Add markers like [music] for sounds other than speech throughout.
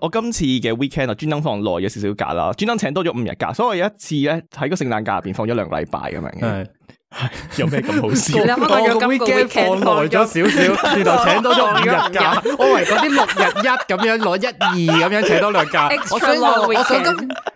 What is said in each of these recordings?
我今次嘅 weekend 就專登放耐咗少少假啦，專登請多咗五日假，所以我有一次咧喺個聖誕假入邊放咗兩個禮拜咁樣嘅，係有咩咁好事？我個 weekend 放耐咗少少，原來請多咗五日假， [laughs] 我以為嗰啲六日一咁樣攞 [laughs] 一二咁樣請多兩假，long 我想攞個 [laughs]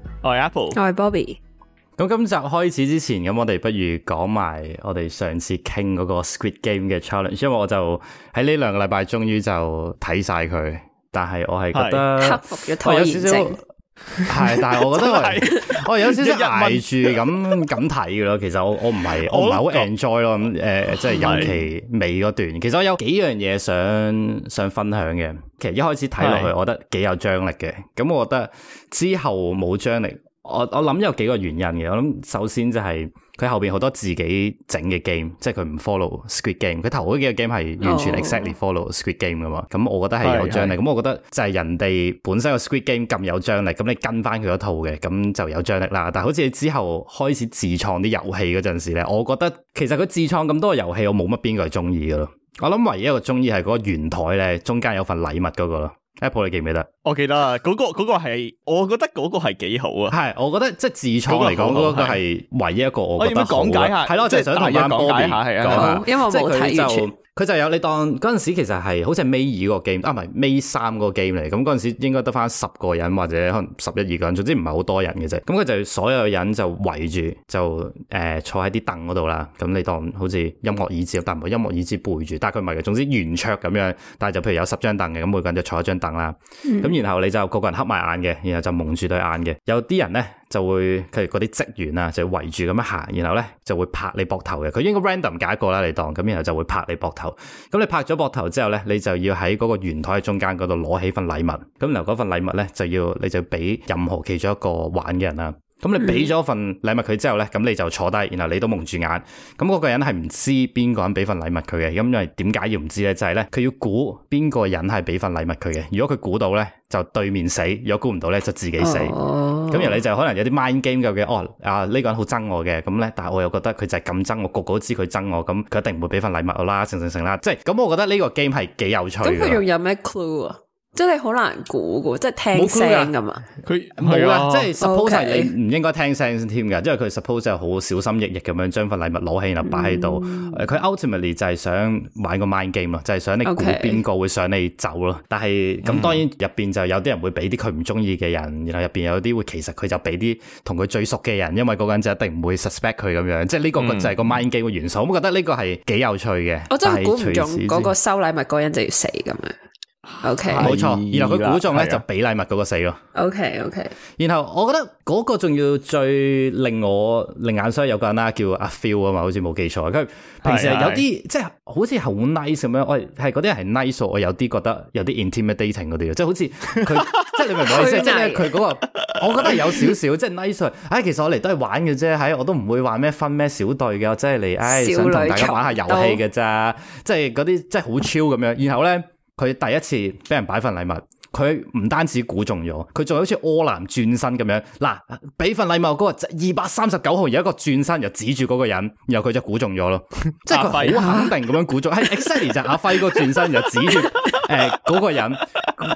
我係 Apple，我係 Bobby。咁今集開始之前，咁我哋不如講埋我哋上次傾嗰個 Squid Game 嘅 challenge，因為我就喺呢兩個禮拜終於就睇晒佢，但係我係覺得克是服咗拖延症。哦係， [laughs] 但係我覺得我、 [laughs] 嗯、我有少少挨住咁咁睇嘅咯。其實我我唔係我唔係好 enjoy 咯。咁、呃、誒，即係尤其尾嗰段，是其實我有幾樣嘢想想分享嘅。其實一開始睇落去，我覺得幾有張力嘅。咁我覺得之後冇張力，我我諗有幾個原因嘅。我諗首先就係、是。佢後邊好多自己整嘅 game，即係佢唔 follow Squid Game。佢頭嗰幾個 game 係完全 exactly follow Squid Game 噶嘛。咁、oh. 嗯、我覺得係有張力。咁是、嗯、我覺得就係人哋本身個 Squid Game 咁有張力，咁你跟翻佢一套嘅，咁就有張力啦。但係好似之後開始自創啲遊戲嗰陣時咧，我覺得其實佢自創咁多遊戲，我冇乜邊個係中意噶咯。我諗唯一一個中意係嗰個圓台咧，中間有份禮物嗰個咯。Apple 你記唔記得？我記得啊，那個嗰、那個係，我覺得嗰個係幾好啊。係，我覺得即係自創嚟講，嗰是個係唯一一個我覺得好啦。係咯，即係想同你講解下，係啊，好講下因為我冇睇全。佢就有你當嗰陣時，其實係好似係 May 二個 game，啊唔係 May 三個 game 嚟。咁嗰陣時應該得返十個人或者可能十一二個人，總之唔係好多人嘅啫。咁佢就所有人就圍住就誒、呃、坐喺啲凳嗰度啦。咁你當好似音樂椅子，但唔係音樂椅子背住，但係佢唔係嘅。總之圓桌咁樣，但係就譬如有十張凳嘅，咁每個人就坐一張凳啦。咁、嗯、然後你就個個人黑埋眼嘅，然後就蒙住對眼嘅。有啲人咧。就會譬如嗰啲職員啊，就圍住咁樣行，然後咧就會拍你膊頭嘅。佢應該 random 揀一個啦，你當咁，然後就會拍你膊頭。咁你拍咗膊頭之後咧，你就要喺嗰個圓台中間嗰度攞起份禮物。咁然後嗰份禮物咧就要你就俾任何其中一個玩嘅人啊。咁你俾咗份禮物佢之後咧，咁你就坐低，然後你都蒙住眼，咁、那、嗰個人係唔知邊個人俾份禮物佢嘅，咁因為點解要唔知咧？就係咧，佢要估邊個人係俾份禮物佢嘅。如果佢估到咧，就對面死；如果估唔到咧，就自己死。咁然後、哦、你就可能有啲 mind game 咁嘅，哦，啊呢、這個人好憎我嘅，咁咧，但係我又覺得佢就係咁憎我，個個都知佢憎我，咁佢一定唔會俾份禮物我啦，成成成啦，即係咁、嗯。我覺得呢個 game 係幾有趣。咁佢用有咩 clue？真係好難估噶，即係聽聲噶嘛？佢冇啊，即係 suppose 係 Okay. 你唔應該聽聲添噶，因為佢 suppose 就好小心翼翼咁樣將份禮物攞起，然後擺喺度。佢 ultimately 就係想玩個 mind game 咯，就係想你估邊個會想你走咯。Okay. 但係咁當然入邊就有啲人會俾啲佢唔中意嘅人，然後入邊有啲會其實佢就俾啲同佢最熟嘅人，因為嗰個人就一定唔會 suspect 佢咁樣。即係呢個就係個 mind game 嘅元素。我、嗯、覺得呢個係幾有趣嘅。我但是、哦、真係估唔中嗰個收禮物嗰人就要死咁樣。O K，冇錯。然後佢估中咧就俾禮物嗰個死咯。O K，O K。然後我覺得嗰個仲要最令我令眼衰，有個人啦，叫阿 Phil 啊嘛，好似冇記錯。佢平時有啲即係好似好 nice 咁樣，我係嗰啲係 nice，我有啲覺得有啲 intimidating 嗰啲嘅，即係好似佢即係你明唔明我意思？即係佢嗰個，我覺得有少少即係 nice。唉，其實我嚟都係玩嘅啫，係我都唔會話咩分咩小隊嘅，即係嚟，唉，想同大家玩下遊戲嘅咋，即係嗰啲即係好超咁樣。然後咧。佢第一次俾人擺份禮物，佢唔單止估中咗，佢仲好似柯南轉身咁樣，嗱，俾份禮物嗰個二百三十九號有一個轉身，就指住嗰個人，然後佢就估中咗咯，即係佢好肯定咁樣估中。係 exactly 就阿輝哥個轉身就指住誒嗰個人，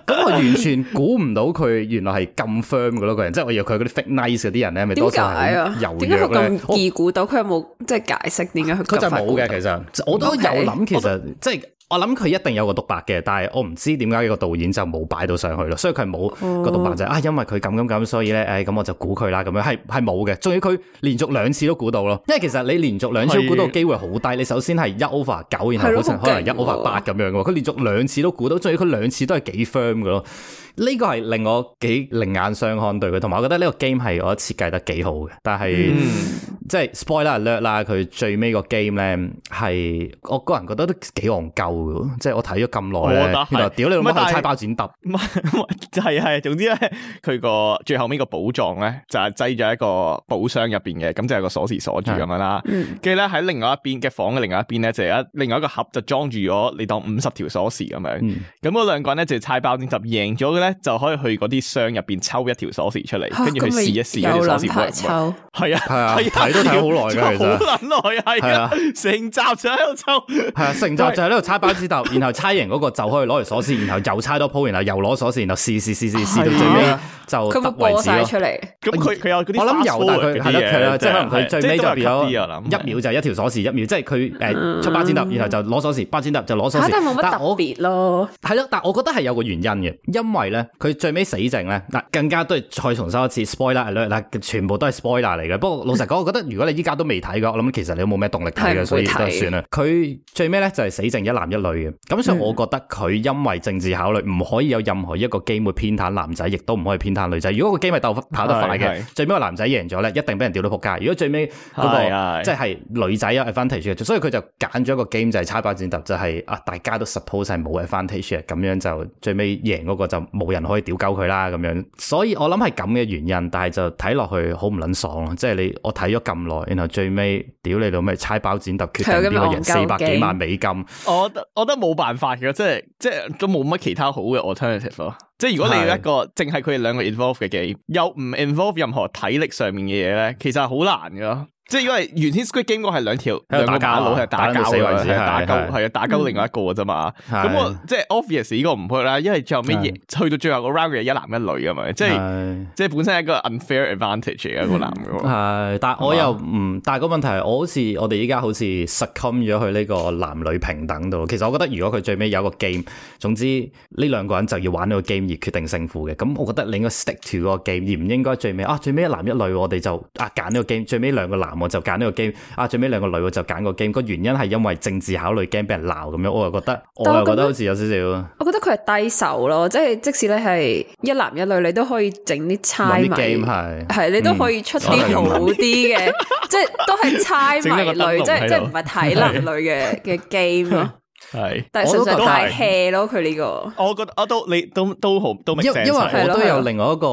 咁我完全估唔到佢原來係咁 firm 嘅咯，個人即係我以為佢嗰啲 fit nice 嗰啲人咧，咪多數係柔弱咧，點解咁易估到佢。有冇即係解釋點解佢佢就冇嘅，其實我都有諗，其實即係。我諗佢一定有個獨白嘅，但係我唔知點解呢個導演就冇擺到上去咯，所以佢冇個獨白就、oh. 啊，因為佢咁咁咁，所以咧，誒，咁我就估佢啦，咁樣係係冇嘅。仲要佢連續兩次都估到咯，因為其實你連續兩次估到機會好低。是你首先係一 over 九，9, 然後嗰陣可能一 over 八咁樣嘅，佢連續兩次都估到，仲要佢兩次都係幾 firm 嘅咯。呢個係令我幾另眼相看對佢，同埋我覺得呢個 game 係我設計得幾好嘅。但係、嗯、即係 spoiler alert 啦、略啦，佢最尾個 game 咧係我個人覺得都幾戇鳩嘅，即係我睇咗咁耐咧，哦、原來屌你老母猜包剪揼，唔係是 [laughs] 就係、係、係。總之咧、就係，佢個最後面個寶藏咧就係擠咗一個寶箱入邊嘅，咁就係個鎖匙鎖住咁樣啦。跟住咧喺另外一邊嘅、嗯、房嘅另外一邊咧就一、係、另外一個盒就裝住咗你當五十條鎖匙咁樣。咁嗰、嗯、兩個人咧就猜包剪揼贏咗就可以去嗰啲箱入邊抽一條鎖匙出嚟，跟住佢試一試嗰條鎖匙抽，唔會係啊？係啊！睇都睇好耐嘅，好撚耐啊！係啊！成集就喺度抽，係啊！成集就喺度猜包剪揼，然後猜完嗰個就可以攞嚟鎖匙，然後又猜多鋪，然後又攞鎖匙，然後試試試試試到最尾就得位置出嚟。咁佢佢有嗰啲我諗由但係佢係咯即係可能佢最尾就變咗一秒就一條鎖匙，一秒即係佢誒出包剪揼，然後就攞鎖匙，包剪揼就攞鎖匙，但係冇乜特別咯。係咯，但係我覺得係有個原因嘅，因為。佢最尾死剩咧嗱，更加都係再重修一次 spoiler alert, 全部都係 spoiler 嚟嘅。不過老實講，我覺得如果你依家都未睇嘅， [laughs] 我諗其實你都冇咩動力睇嘅，所以算就算啦。佢最尾咧就係死剩一男一女嘅。咁所以我覺得佢因為政治考慮，唔可以有任何一個 game 會偏袒男仔，亦都唔可以偏袒女仔。如果個 game 鬥跑得快嘅，是是最尾個男仔贏咗咧，一定俾人掉到仆街。如果最尾嗰、那個即係是女仔有 advantage，所以佢就揀咗一個 game 就係猜包剪揼，就係、是、啊大家都 suppose 係冇 advantage，咁樣就最尾贏嗰個就冇人可以屌鳩佢啦咁樣，所以我諗係咁嘅原因，但係就睇落去好唔撚爽咯，即係你我睇咗咁耐，然後最尾屌你老味？猜，猜包剪揼決定呢個人四百幾萬美金，我覺得冇辦法嘅，即係即係都冇乜其他好嘅 alternative 咯。即係如果你一個淨係佢哋兩個 involve 嘅 game，又唔 involve 任何體力上面嘅嘢咧，其實係好難嘅。即係因為原先 s q u i p t 經過係兩條兩個馬佬係打交嘅，係打交係啊，打交另外一個嘅啫嘛。咁我即係 obvious 呢個唔配啦，因為最有尾嘢，去到最後個 round 嘅一男一女咁嘛，即係即係本身一個 unfair advantage 嘅一個男係，但係我又唔，但係個問題係，我好似我哋依家好似 shock 咗去呢個男女平等度。其實我覺得如果佢最尾有個 game，總之呢兩個人就要玩呢個 game 而決定勝負嘅。咁我覺得你應該 stick to 住個 game 而唔應該最尾啊最尾一男一女，我哋就啊揀呢個 game 最尾兩個男。我就揀呢個 game 啊，最尾兩個女就揀個 game，個原因係因為政治考慮，驚俾人鬧咁樣。我又覺得，我又覺得好似有少少。我覺得佢係低手咯，即係即使你係一男一女，你都可以整啲猜謎。啲 game 係，係，你都可以出啲好啲嘅，即係都係猜謎類，即係即係唔係睇男女嘅嘅 game 咯。係，但係純粹太 hea 咯，佢呢個。我覺得我都你都都好都明。因因為佢都有另外一個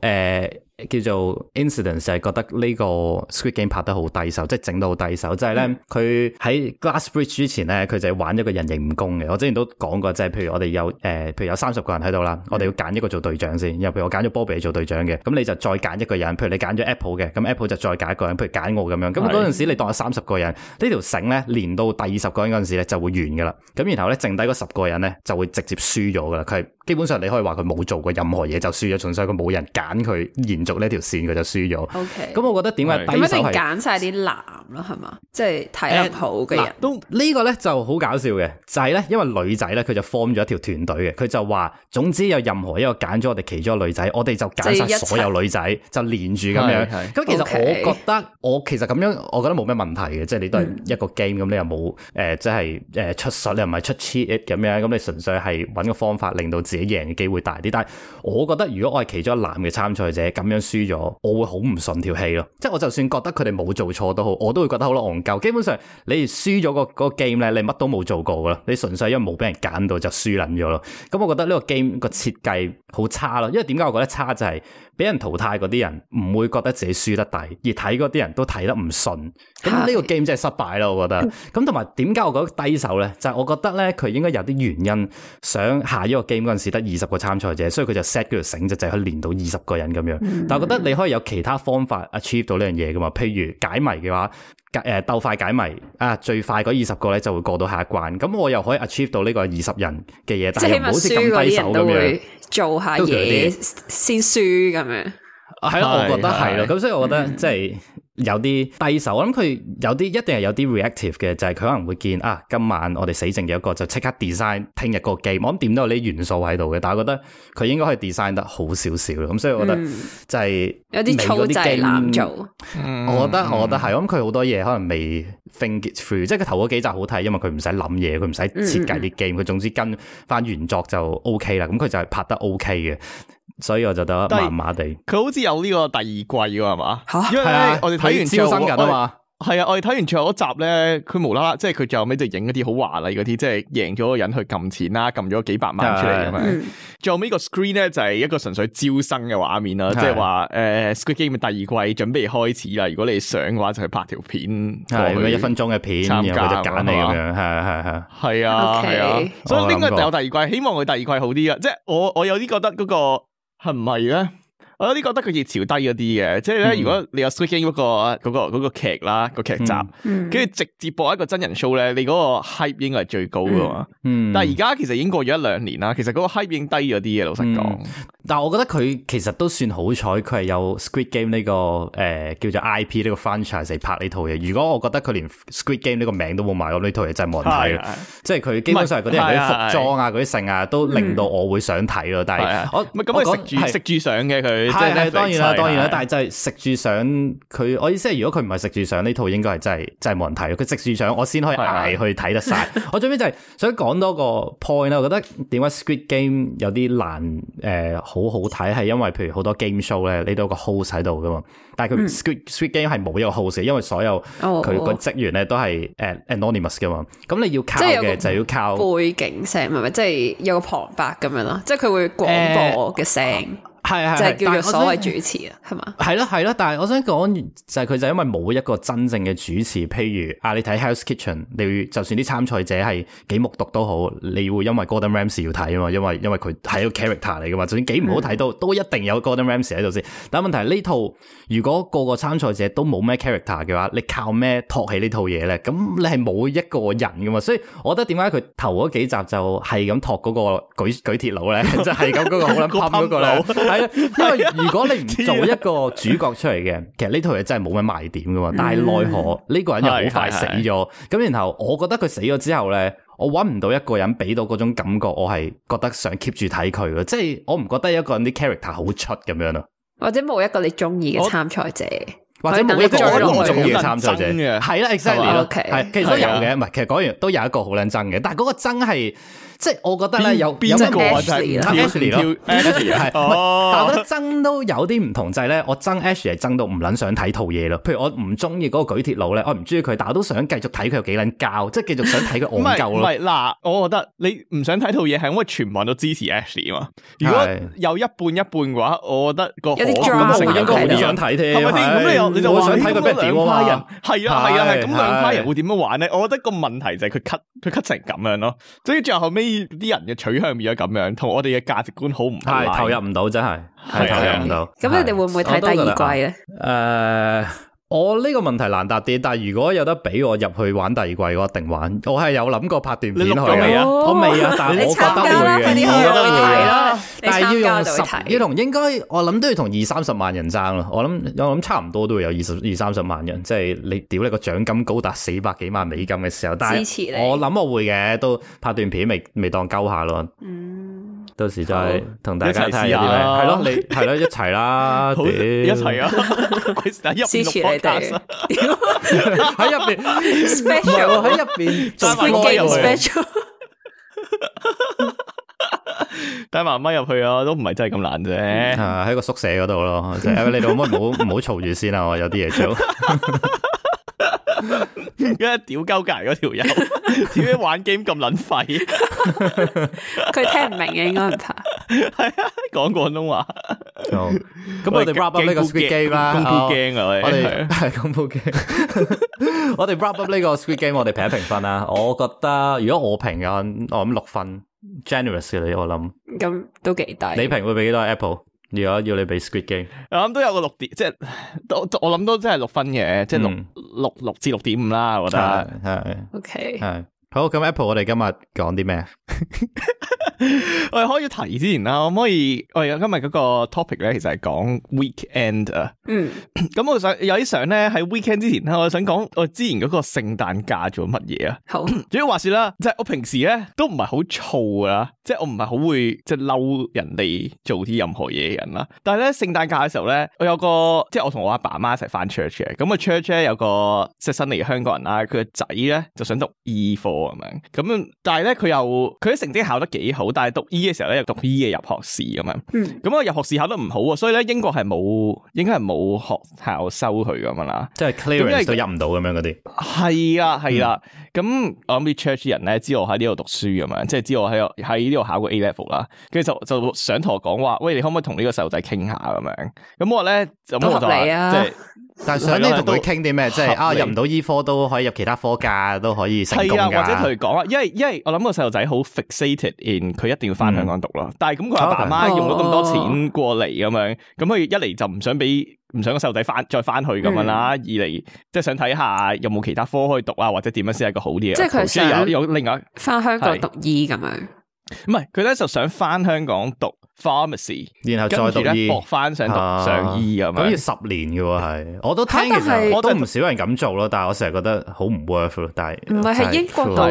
誒。叫做 incident，就係覺得呢個 Squid Game 拍得好低手，即係整到好低手。就係、是、咧，佢喺、嗯、glass bridge 之前咧，佢就係玩一個人形蜈蚣嘅。我之前都講過，即係譬如我哋有誒、呃，譬如有三十個人喺度啦，我哋要揀一個做隊長先。又譬如我揀咗波比你做隊長嘅，咁你就再揀一個人，譬如你揀咗 Apple 嘅，咁 Apple 就再揀一個人，譬如揀我咁樣。咁嗰陣時你當有三十個人，呢是條繩咧連到第二十個人嗰陣時咧就會完㗎啦。咁然後咧，剩低嗰十個人咧就會直接輸咗㗎啦。佢基本上你可以話佢冇做過任何嘢就輸咗，純粹佢冇人揀佢續呢條線佢就輸咗。O K，咁我覺得點解？唔一定揀晒啲男咯，係嘛？即係睇好嘅人。都是呢個咧就好搞笑嘅，就係、是、咧，因為女仔咧佢就 form 咗一條團隊嘅，佢就話總之有任何一個揀咗我哋其中嘅女仔，我哋就揀晒所有女仔，就連住咁樣。咁其實 okay，我覺得我其實咁樣，我覺得冇咩問題嘅，即係你都係一個 game，咁、嗯、你又冇誒，即係誒、呃、出術，你又唔係出 cheat 咁樣，咁你純粹係揾個方法令到自己贏嘅機會大啲。但係我覺得如果我係其中一男嘅參賽者咁樣。輸咗，我會好唔順條氣咯。即係我就算覺得佢哋冇做錯都好，我都會覺得好咯戇鳩。基本上你輸咗個個 game 咧，你乜都冇做過噶啦，你純粹因為冇俾人揀到就輸撚咗咯。咁我覺得呢個 game 個設計好差咯。因為點解我覺得差就係、是、俾人淘汰嗰啲人唔會覺得自己輸得大，而睇嗰啲人都睇得唔順。咁呢個 game 真係失敗咯，我覺得。咁同埋點解我覺得低手咧？就係、是、我覺得咧，佢應該有啲原因，想下一個 game 嗰陣時得二十個參賽者，所以佢就 set 嗰條繩就就可以連到二十個人咁樣。嗯、但係我覺得你可以有其他方法 achieve 到呢樣嘢噶嘛？譬如解謎嘅話，誒，鬥、呃、快解謎啊，最快嗰二十個咧就會過到下一關。咁我又可以 achieve 到呢個二十人嘅嘢。即係但 好似咁低手咁樣做下嘢先輸咁樣。係咯、哎，我覺得係咯。咁所以我覺得即、就、係、是。嗯有啲低手，我諗佢有啲一定係有啲 reactive 嘅，就係、是、佢可能會見啊，今晚我哋死剩一個就即刻 design 聽日個 game，我諗點都有啲元素喺度嘅，但係我覺得佢應該可以 design 得好少少，咁、嗯、所以我覺得就係、是、有啲粗製濫造。組嗯、我覺得，我覺得係，咁佢好多嘢，可能未 think through、嗯、即係佢頭嗰幾集好睇，因為佢唔使諗嘢，佢唔使設計啲 game，佢總之跟翻原作就 OK 啦，咁佢就係拍得 OK 嘅。所以我就得麻麻地，佢好似有呢個第二季喎，係嘛？吓，因為咧，我哋睇完招生噶嘛，係啊，我哋睇完最後一集咧，佢無啦啦，即係佢最後尾就影一啲好華麗嗰啲，即係贏咗個人去撳錢啦，撳咗幾百萬出嚟咁啊。最後尾個 screen 咧就係一個純粹招生嘅畫面啦，即係話誒，Squid Game 嘅第二季準備開始啦。如果你想嘅話，就去拍條片，係咩一分鐘嘅片，然後就揀你咁樣，係啊，係啊，係啊，係啊，係啊。所以應該就有第二季，希望佢第二季好啲啊。即係我我有啲覺得嗰個。係唔係咧？是我有啲覺得佢熱潮低咗啲嘅，即係咧如果你有、嗰個《Squid Game 嗰個嗰、嗰個劇啦、嗰個劇集，跟住、嗯、直接播一個真人 show 咧，你嗰個 hype 應該係最高噶嘛。嗯嗯、但係而家其實已經過咗一兩年啦，其實嗰個 hype 已經低咗啲嘅。老實講、嗯，但係我覺得佢其實都算好彩，佢係有、這個《Squid、呃、Game》呢個誒叫做 IP 呢個 franchise 嚟拍呢套嘢。如果我覺得佢連《Squid Game》呢個名都冇埋，咁呢套嘢真係冇人睇嘅。啊、即係佢基本上嗰啲服裝啊、嗰啲性啊，都令到我會想睇咯、啊啊。但係咁佢食住食住上嘅佢。係當然啦，當然啦，但係就係食住上佢，我意思係如果佢唔係食住上呢套應該，應該係真係真係冇人睇。佢食住上，我先可以挨 [laughs] 去睇得晒。我最尾就係想講多個 point 啦。我覺得點解 Squid Game 有啲難誒、呃、好好睇，係因為譬如好多 game show 咧，你都有個 host 喺度噶嘛。但係佢 Squid Squid Game 係冇有 host，因為所有佢個職員咧都係誒 anonymous 噶嘛。咁你要靠嘅就要靠背景聲，咪咪、嗯、即係有個旁白咁樣咯。即係佢會廣播嘅聲。呃係，是是是就係叫做所謂主持啊，係嘛？係咯吧，係咯，但係我想講就係佢就因為冇一個真正嘅主持，譬如啊，你睇 Hell's Kitchen，你就算啲參賽者係幾木獨都好，你會因為 Gordon Rams 要睇啊嘛，因為因為佢係一個 character 嚟噶嘛，就算幾唔好睇都、嗯、都一定有 Gordon Rams 喺度先。但問題係呢套如果個個參賽者都冇咩 character 嘅話，你靠咩托起套呢套嘢咧？咁你係冇一個人噶嘛，所以我覺得點解佢頭嗰幾集就係咁托嗰個舉舉鐵佬咧，即係咁嗰個好撚 [laughs] p [laughs] 因為如果你唔做一個主角出嚟嘅，其實呢套嘢真係冇乜賣點噶嘛。嗯、但係奈何呢、這個人又好快死咗，咁然後我覺得佢死咗之後咧，我揾唔到一個人俾到嗰種感覺，我係覺得想 keep 住睇佢嘅，即係我唔覺得一個人啲 character 好出咁樣咯。或者冇一個你中意嘅參賽者，或者冇一個唔中意嘅參賽者，係啦，係真係，係其實都有嘅，唔、exactly, 係、okay.，其實講完都有一個好靚爭嘅，但係嗰個真係。即係我覺得咧，有邊個啊？就係 Ashley 係，但爭都有啲唔同就係咧，我爭 Ashley 係爭到唔撚想睇套嘢咯。譬如我唔中意嗰個舉鐵佬咧，我唔中意佢，但係我都想繼續睇佢又幾撚教，即係繼續想睇佢戇鳩咯。唔係嗱，我覺得你唔想睇套嘢係因為全部人都支持 Ashley 如果有一半一半嘅話，我覺得個可能應該唔想睇添。係咪先？咁你又你就話想睇個點人。係啊係啊係，咁兩派人會點樣玩咧？我覺得個問題就係佢 cut 佢 cut 成咁樣咯，所以最後後尾。啲人嘅取向變咗咁樣，同我哋嘅價值觀好唔同，係投入唔到，真係係是是投入唔到。咁的你哋會唔會睇第二季咧？誒。Uh 我呢個問題難答啲，但係如果有得俾我入去玩第二季嘅話，我一定玩。我係有諗過拍段片去嘅，哦、我未啊。但係 [laughs] 我覺得會嘅，我覺得會嘅。但係要用十，要同應該我諗都要同二三十萬人爭咯。我諗我諗差唔多都會有二十二三十萬人，即係你屌你個獎金高達四百幾萬美金嘅時候。支持你。我諗我會嘅，都拍段片未未,未當勾下咯。嗯。到時再同大家睇下，係咯，你係咯，一齊啦，一齊啊！支持你哋！喺入邊 special，喺入邊做片機 special，帶媽媽入去啊，都唔係真係咁難啫。喺個宿舍嗰度咯，你哋唔好唔好嘈住先啊，我有啲嘢做。而家屌鳩隔條人，點解玩 game 咁撚廢？佢聽唔明嘅，應該唔怕，係啊，講廣東話。咁我哋 rap up 呢個 speed game 啦，我哋係恐怖 game。我哋 rap up 呢個 speed game，我哋評一評分啦。我覺得如果我評啊，我諗六分 generous 嘅，我諗咁都幾大。你評會俾幾多 Apple？如果要你畀 Squid Game，我諗都有個六點，即係我諗都真、嗯、即係六分嘅，即係六六六至六點五啦，我覺得。係。OK。係。好，咁 Apple，我哋今日講啲咩？我哋可以提之前啦，可唔可以？我哋今日嗰個 topic 咧，其實係講 weekend 啊。嗯，咁 [coughs] 我想有啲想咧喺 weekend 之前咧，我想講我之前嗰個聖誕假做乜嘢啊。好， [coughs] 主要話說啦，即係我平時咧都唔係好燥啊，即係我唔係好會即係嬲人哋做啲任何嘢嘅人啦。但係咧聖誕假嘅時候咧，我有個即係我同我阿爸阿媽一齊翻 church 嘅，咁個 church 咧有個即係新嚟香港人啦，佢個仔咧就想讀醫科。咁樣，嗯、但係咧佢又佢啲成績考得幾好，但係讀醫嘅時候咧又讀醫嘅入學試咁樣，咁、嗯、啊、嗯嗯、入學試考得唔好，所以咧英國係冇，應該係冇學校收佢咁樣啦，即係 clearance 都入唔到咁樣啲，係啊係啦。咁我諗啲 church 人咧知道我喺呢度讀書咁樣，即係知道我喺喺呢度考過 A level 啦，跟住就就想同我講話，喂，你可唔可以同呢個細路仔傾下咁樣？咁我咧就唔得你啊！但係想呢度都傾啲咩？即係啊，入唔到醫科都可以入其他科㗎，都可以成功。係啊，或者佢講啊，因為因為我諗個細路仔好 fixated in 佢一定要翻香港讀咯。嗯、但係咁佢阿爸媽用咗咁多錢過嚟咁、嗯 okay. 哦、樣，咁佢一嚟就唔想俾。唔想個細路仔翻再翻去咁樣啦，二嚟即係想睇下有冇其他科可以讀啊，或者點樣先係一個好啲嘅，即係佢有有另外翻香港讀醫咁樣，唔係佢咧就想翻香港讀 pharmacy，然後再讀醫博翻想讀上醫咁樣，十年嘅係，我都聽，其實我都唔少人咁做咯，但係我成日覺得好唔 worth 咯，但係唔係喺英國度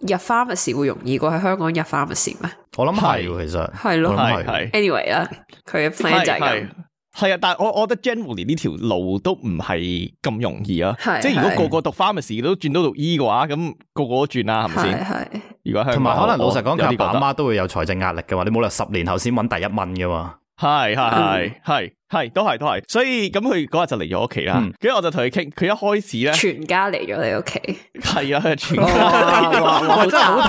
入 pharmacy 會容易過喺香港入 pharmacy 咩？我諗係其實係咯，係 anyway 啦，佢嘅 p 係啊，但係我我覺得 generally，呢條路都唔係咁容易啊，是是即係如果個個，個讀 pharmacy 都轉到讀醫嘅話，咁、那個個都轉啦，係咪先？係。是如果係，同埋可能老實講，佢阿爸阿媽都會有財政壓力嘅話，你冇理由十年後先搵第一蚊嘅嘛。係係係係。係，都係，都係，所以咁佢嗰日就嚟咗屋企啦。跟住我就同佢傾，佢一開始咧，全家嚟咗你屋企，係啊，全家，我真係好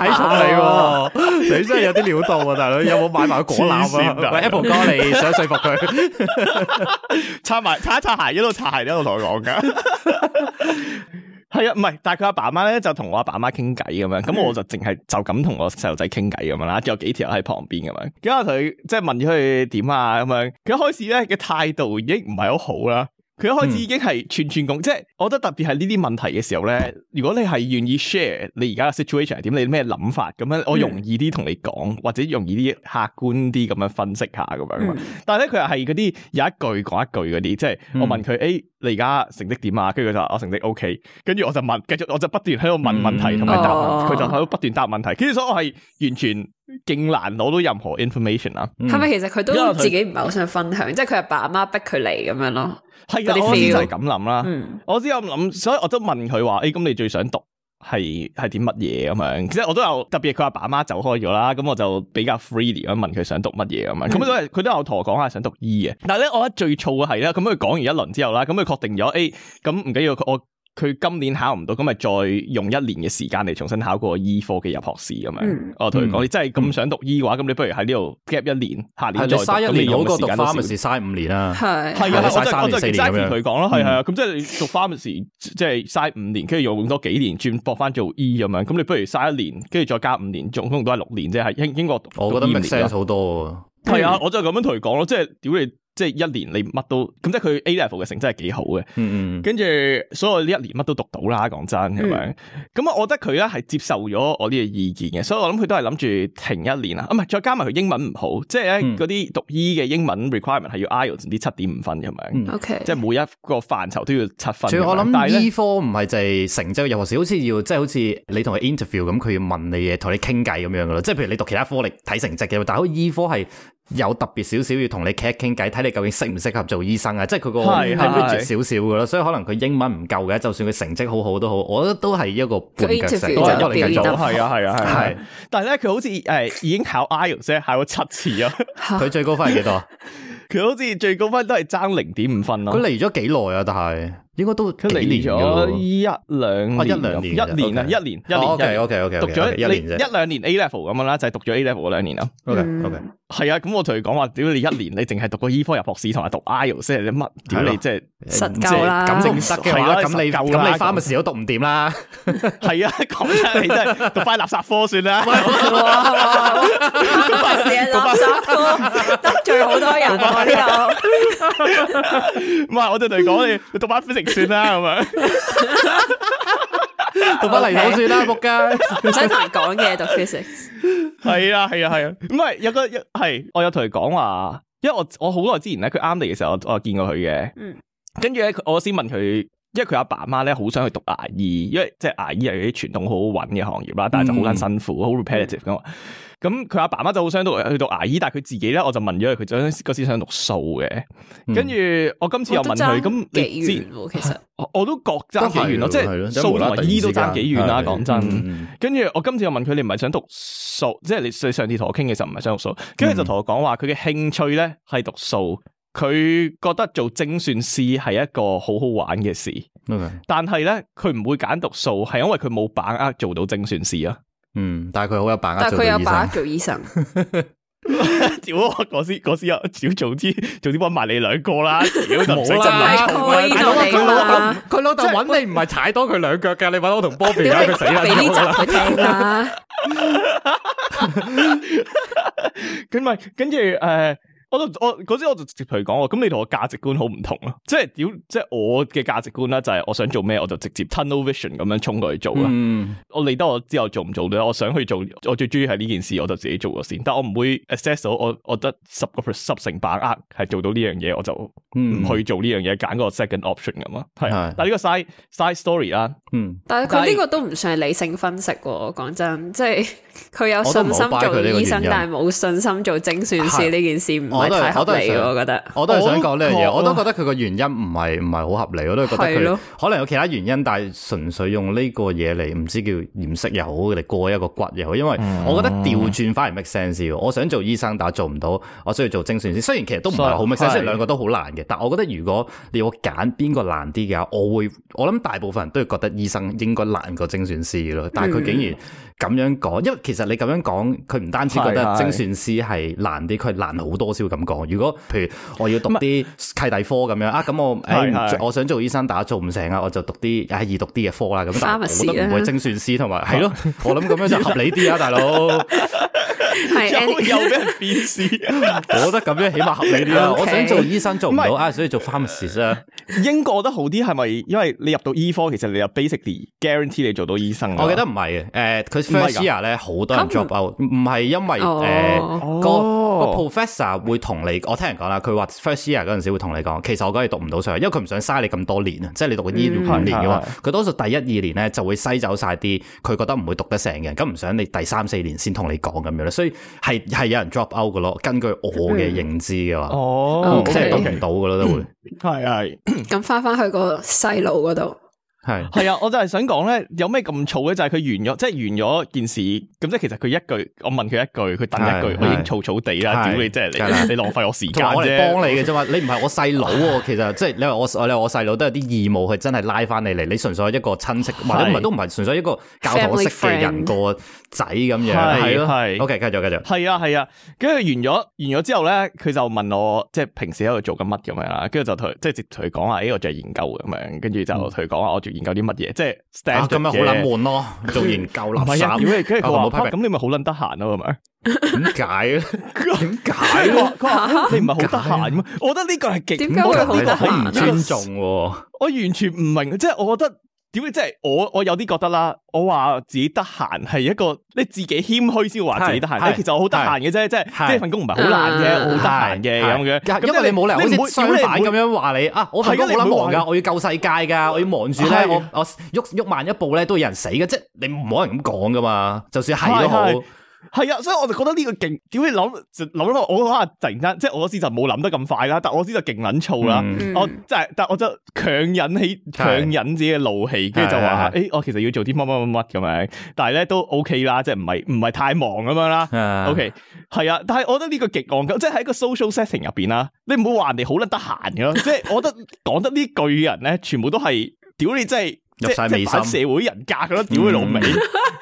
睇重你，你真係有啲料到啊，大佬，有冇買埋果籃啊？喂，Apple 哥，你想說服佢，擦埋擦一擦鞋，一路擦鞋一路同佢講噶。係啊，唔係，但係佢阿爸媽咧就同我阿爸媽傾偈咁樣，咁我就淨係就咁同我細路仔傾偈咁樣啦，仲有幾條喺旁邊咁樣，咁我同佢即係問咗佢點啊咁樣，佢、就是、一開始咧嘅態度已經唔係好好啦。佢一開始已經係串串講，嗯、即係我覺得特別係呢啲問題嘅時候咧，如果你係願意 share 你而家嘅 situation 係點，你咩諗法咁樣，嗯、我容易啲同你講，或者容易啲客觀啲咁樣分析下咁樣。嗯、但係咧佢又係嗰啲有一句講一句嗰啲，即係我問佢誒、嗯哎，你而家成績點啊？跟住佢就話我成績 OK，跟住我就問，繼續我就不斷喺度問問題同埋答佢、嗯哦、就喺度不斷答問題，跟住，所以我係完全勁難攞到任何 information 啦。係咪、嗯、其實佢都自己唔係好想分享，即係佢阿爸阿媽逼佢嚟咁樣咯？係啊，我本身就係咁諗啦。嗯、我之後諗，所以我都問佢話：，誒、哎，咁你最想讀係係點乜嘢咁樣？其實我都有特別，佢阿爸阿媽走開咗啦，咁我就比較 free 咁問佢想讀乜嘢咁樣。咁都都佢都有同我講係想讀醫、e、嘅。但係咧，我覺得最燥嘅係咧，咁佢講完一輪之後啦，咁佢確定咗誒，咁唔緊要我。佢今年考唔到，咁咪再用一年嘅時間嚟重新考個醫科嘅入學試咁樣。我同佢講，你真係咁想讀醫嘅話，咁你不如喺呢度 gap 一年，下年再讀。咁你用個讀 pharmacy 嘥五年啦。係係啊，我真係我真係幾三年佢講咯，係係啊。咁即係讀 pharmacy 即係嘥五年，跟住用多幾年轉博翻做醫咁樣。咁你不如嘥一年，跟住再加五年，總共都係六年啫。係英英國讀，我覺得明升好多喎。係啊，我就咁樣同佢講咯，即係屌你！即係一年你乜都咁，即係佢 A level 嘅成績係幾好嘅，跟住、mm hmm. 所有呢一年乜都讀到啦。講真係咪？咁啊，mm hmm. 我覺得佢咧係接受咗我呢個意見嘅，所以我諗佢都係諗住停一年啊。唔係再加埋佢英文唔好，即係咧嗰啲讀醫嘅英文 requirement 係要 IELTS 唔知七點五分咁樣，mm hmm. Okay. 即係每一個範疇都要七分。所以我諗但係醫科唔係就係成績又學試，何時好似要即係好似你同佢 interview 咁，佢要問你嘢，同你傾偈咁樣嘅咯。即係譬如你讀其他科，嚟睇成績嘅，但係好似醫科係。有特別少少要同你傾一傾偈，睇你究竟適唔適合做醫生啊？即係佢個係 l i t 少少噶咯，是是所以可能佢英文唔夠嘅，就算佢成績好好都好，我覺得都係一個絆腳石，都係喐嚟近做，係啊係啊係。但係咧，佢好似誒已經考 IELTS 考咗七次啊，佢 [laughs] 最高分係幾多？佢 [laughs] 好似最高分都係爭零點五分咯。佢嚟咗幾耐啊？但係。應該都佢年咗一兩，一兩年，一年啊，一年，一年。OK OK 讀咗一年一兩年 A level 咁樣啦，就係讀咗 A level 嗰兩年啊。OK OK。係啊，咁我同佢講話，屌你一年，你淨係讀個醫科入博士，同埋讀 IELTS 係乜？屌你即係，即係咁正得嘅，咁你咁你翻咪事都讀唔掂啦。係啊，咁你真係讀翻垃圾科算啦。唔係，我哋同佢講你讀翻 finish。 [laughs] [laughs] 算啦，Okay. 係咪讀 [laughs] 翻嚟好算啦，木家唔使同煩講嘢讀 physics。係 [laughs] [laughs] 啊，係啊，係啊，唔係有個一係，我有同佢講話，因為我我好耐之前咧，佢啱嚟嘅時候，我我見過佢嘅。嗯，跟住咧，我先問佢，因為佢阿爸阿媽咧好想去讀牙醫，因為即係牙醫係啲傳統好好穩嘅行業啦，但係就好緊辛苦，好 repetitive 咁。咁佢阿爸媽就好想讀去讀牙醫，但係佢自己咧，我就問咗佢,佢嗰時想讀數嘅。跟住我今次又問佢，咁你知其實我覺都覺是差幾遠咯，即係數同醫都差幾遠啦。講真，跟住、嗯、我今次又問佢，你唔係想讀數，即係你上次同我傾嘅時候唔係想讀數，跟住就同我講話，佢嘅興趣咧係讀數，佢覺得做精算師係一個好好玩嘅事。嗯 okay. 但係咧，佢唔會揀讀數，係因為佢冇把握做到精算師啊。嗯，但係佢好有把握做醫生。但係佢有把握做醫生，如果嗰時嗰時又早啲，早啲揾埋你兩個啦，冇啦大佬啊。佢老豆揾你唔係踩多佢兩腳㗎，你揾我同波比 b 啦，佢為死啦。俾啲執佢聽啦。跟住， [laughs] 跟住，誒。我就我嗰陣我就直接同佢講我，咁你同我價值觀好唔同啊！即係屌，即係我嘅價值觀咧，就係我想做咩我就直接 tunnel vision 咁樣衝過去做啊！嗯、我理得我之後做唔做咧，我想去做，我最中意係呢件事，我就自己做咗先。但我唔會 assess 到我，我覺得十個 percent 十成把握係做到呢樣嘢，我就。唔去做呢樣嘢，揀個 second option 咁啊。係，但係呢個 side side story 啦，嗯，但係佢呢個都唔算係理性分析，講真，即係佢有信心做醫生，但係冇信心做精算師呢件事唔係太合理，我覺得，我都係想講呢樣嘢，我都覺得佢個原因唔係唔係好合理，我都覺得佢可能有其他原因，但係純粹用呢個嘢嚟唔知叫掩飾又好，嚟過一個骨又好，因為我覺得調轉反而 make sense，我想做醫生，但係做唔到，我需要做精算師，雖然其實都唔係好 make sense，兩個都好難嘅。但我覺得如果你要揀邊個難啲嘅話，我會我諗大部分人都會覺得醫生應該難過精算師咯。但係佢竟然咁樣講，因為其實你咁樣講，佢唔單止覺得精算師係難啲，佢係是是 難好多先會咁講。如果譬如我要讀啲契弟科咁樣不是 啊，咁我誒、欸、是是 我想做醫生，但係做唔成啊，我就讀啲啊易讀啲嘅科啦。咁，我覺得唔會精算師同埋係咯，我諗咁樣就合理啲啊，大佬。又又俾人變師，我覺得咁樣起碼合理啲啦！Okay. 我想做醫生做唔到啊，所以做 pharmacist 啊。英國都好啲係咪？是是因為你入到醫科，其實你又 basically guarantee 你做到醫生。我記得唔係嘅，誒、呃、，first year 呢好多人 drop out，唔係因為誒、呃 oh. 個個 professor 會同你，我聽人講啦，佢話 first year 那陣時會同你講，其實我而家係讀唔到上去，因為佢唔想嘥你咁多年啊，即係你讀醫療咁多年嘅話，佢、嗯、多數第一二年咧就會篩走晒啲佢覺得唔會讀得成嘅人，咁唔想你第三四年先同你講咁樣所以。係係有人 drop out 嘅咯，根據我嘅認知嘅話，哦，即係都停到嘅咯，都會係係。咁翻翻去個細佬嗰度，係係啊！我就係想講咧，有咩咁嘈嘅？就係佢完咗，即係完咗件事。咁即係其實佢一句，我問佢一句，佢等一句，我已經嘈嘈地啦。屌你真係，係你浪費我時間啫，我幫你嘅啫嘛。你唔係我細佬，其實即係你話我，你我細佬都有啲義務去真係拉翻你嚟。你純粹係一個親戚，或者唔係都唔係純粹一個教堂式嘅人個。仔咁樣係咯，係。是 OK，繼續繼續。係啊係啊，跟住、啊、完咗完咗之後咧，佢就問我，即係平時喺度做緊乜咁樣啦。跟住、哎、就同即係直同佢講啊，誒，我就係研究咁樣。跟住就同佢講啊，我仲研究啲乜嘢，即係。啊，咁咪好捻悶咯，做研究垃圾。如果係，跟住佢話，咁你咪好捻得閒咯，咁咪？點解啊？點解啊？佢話你唔係好得閒咩？我覺得呢個係極唔得閒，唔尊重、啊。我完全唔明，即、就、係、是、我覺得。點解即係我我有啲覺得啦？我話自己得閒係一個，你自己謙虛先會話自己得閒。你其實我好得閒嘅啫，即係即係份工唔係好難嘅，好得閒嘅咁樣。因為你冇理由好似小販咁樣話你啊！我係好啦忙噶，我要救世界噶，我要忙住咧，我我喐喐慢一步咧，都有人死嘅，即係你唔可能咁講噶嘛。就算係都好。係啊，所以我就覺得呢個勁，屌你諗就諗到我可能突然間，即係我嗰時就冇諗得咁快啦，但係我嗰時就勁捻躁啦，嗯嗯、我即係，但係我就強忍起強忍自己嘅怒氣，跟住是就話，誒、欸，我其實要做啲乜乜乜乜咁樣，但係咧都 OK 啦，即係唔係唔係太忙咁樣啦，OK，係啊，嗯、但係我覺得呢個極戇嘅，即係喺個 social setting 入邊啦，你唔好話人哋好撚得閒嘅咯，即係是 [laughs] 我覺得講得呢句嘅人咧，全部都係屌你真係。入晒微信，社會人格佢都屌佢老味。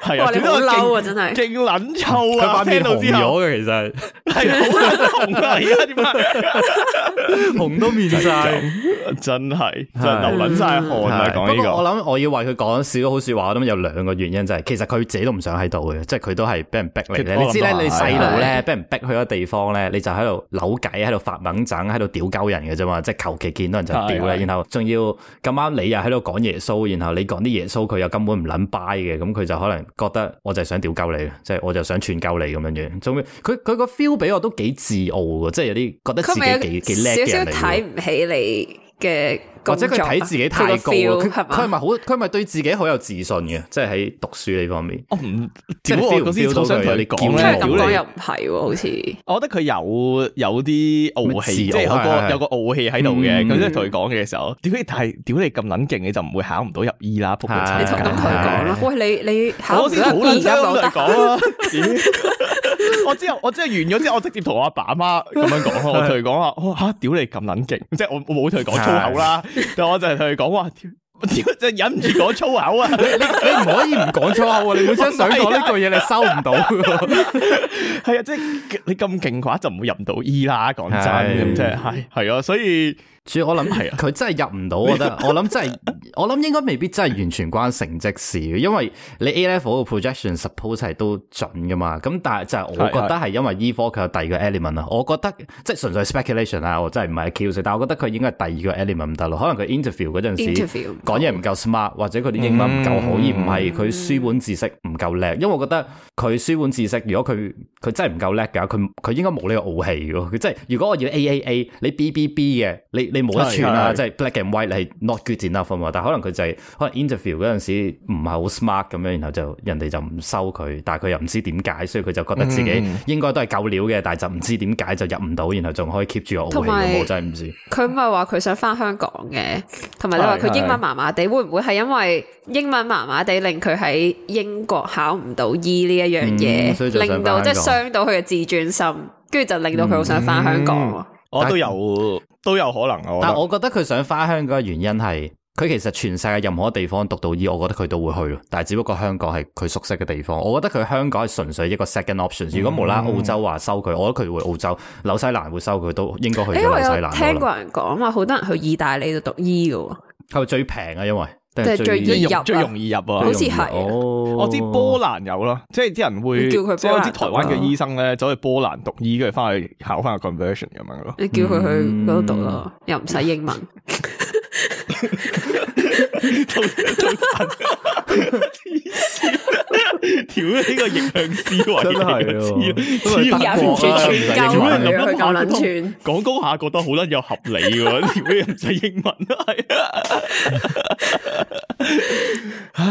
係啊，點嬲啊，真係，勁撚臭啊，佢把面紅咗嘅，其實係紅啊，而點紅都面晒，真係，流撚晒汗嚟講呢個，我諗我要為佢講少少好說話，我諗有兩個原因，就係其實佢自己都唔想喺度嘅，即係佢都係俾人逼嚟。你知咧，你細路咧俾人逼去一個地方咧，你就喺度扭計，喺度發矇憎，喺度屌鳩人嘅啫嘛，即係求其見到人就屌啦，然後仲要咁啱你又喺度講耶穌，然後。你講啲耶穌，佢又根本唔捻掰嘅，咁、嗯、佢就可能覺得我就係想屌鳩你，即、就、係、是、我就想串鳩你咁樣樣。中佢佢個 feel 俾我都幾自傲嘅，即係有啲覺得自己幾幾叻嘅人嚟。少少睇唔起你，嘅或者佢睇自己太高，佢佢唔係好，佢唔係對自己好有自信嘅，即係喺讀書呢方面。我唔即係我頭先想同你講咧，屌又唔係，好似我覺得佢有有啲傲氣，即係有個有個傲氣喺度嘅。咁即係同佢講嘅時候，點解係屌你咁冷靜，你就唔會考唔到入醫啦？你同咁同佢講啦，喂，你你考試啦，而家講啦。我之後我之後完咗之後，我直接同我阿爸阿媽咁樣講，我同佢講啊，哇吓、啊，屌你咁冷靜， [laughs] 即係我我冇同佢講粗口啦，是的 但我就係同佢講即就忍唔住講粗口啊！你你唔可以唔講粗口啊！你本身想講呢句嘢 [laughs] 是、啊， [laughs] [laughs] 你收唔到，係啊，即係你咁勁嘅話，就唔會入唔到醫啦。講真咁即係係係咯，所以。主要我諗係佢真係入唔到，我覺得 [laughs] 我諗真係我諗應該未必真係完全關成績事嘅，因為你 A level 個 projection suppose 係都準噶嘛。咁但係就係我覺得係因為依科佢有第二個 element 啊，我覺得即係純粹 speculation 啊，我真係唔係 Q 碎。但係我覺得佢是是 應該係第二個 element 唔得咯，可能佢 interview 嗰陣時講嘢唔夠 smart，或者佢啲英文唔夠好，而唔係佢書本知識唔夠叻。因為我覺得佢書本知識如果佢佢真係唔夠叻噶，佢佢應該冇呢個傲氣咯。即係如果我要 A A A，你 B B B 嘅你。你冇得串啦，啊，即係是 black and white 係 not good enough 啦，咁啊。但可能佢就係、是、可能 interview 嗰陣時唔係好 smart 咁樣，然後就人哋就唔收佢，但係佢又唔知點解，所以佢就覺得自己應該都係夠料嘅，嗯，但係就唔知點解就入唔到，然後仲可以 keep 住有我。同埋冇仔唔知。佢唔係話佢想翻香港嘅，同埋你話佢英文麻麻地，是是會唔會係因為英文麻麻地令佢喺英國考唔到 E 呢一樣嘢，嗯，令到即係傷到佢嘅自尊心，跟住就令到佢好想翻香港。我都，嗯嗯哦，有。都有可能，我覺得，但我覺得佢想返香港嘅原因係，佢其實全世界任何地方讀到醫，我覺得佢都會去，但係只不過香港係佢熟悉嘅地方。我覺得佢香港係純粹一個 second option 嗯。如果無啦澳洲話收佢，我覺得佢會澳洲、紐西蘭會收佢都應該去咗紐西蘭。誒，我有聽過人講話，好多人去意大利度讀醫嘅喎，係咪最平啊？因為即係最易入，最容易入啊！入啊好似係，哦、我知波蘭有咯，即係啲人會叫佢，即係有啲台灣嘅醫生咧，走了去波蘭讀醫，跟住翻去考翻個 conversion 咁樣咯。你叫佢去嗰度讀咯，嗯、又唔使英文。 [laughs] [laughs] 更 [laughs] 調呢個形象思維，形象思維，轉轉轉，咁樣講捻串，講高下覺得好得又合理喎，調咩唔使英文係啊？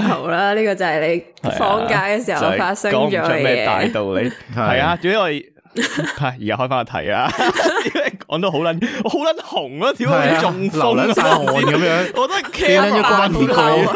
好啦，呢個就係你放假嘅時候發生咗嘅嘢，講出咩大道理？係啊，主要係，係而家開翻個題啊，講到好捻，好捻紅咯，調啲眾生相咁樣，我真係企喺度。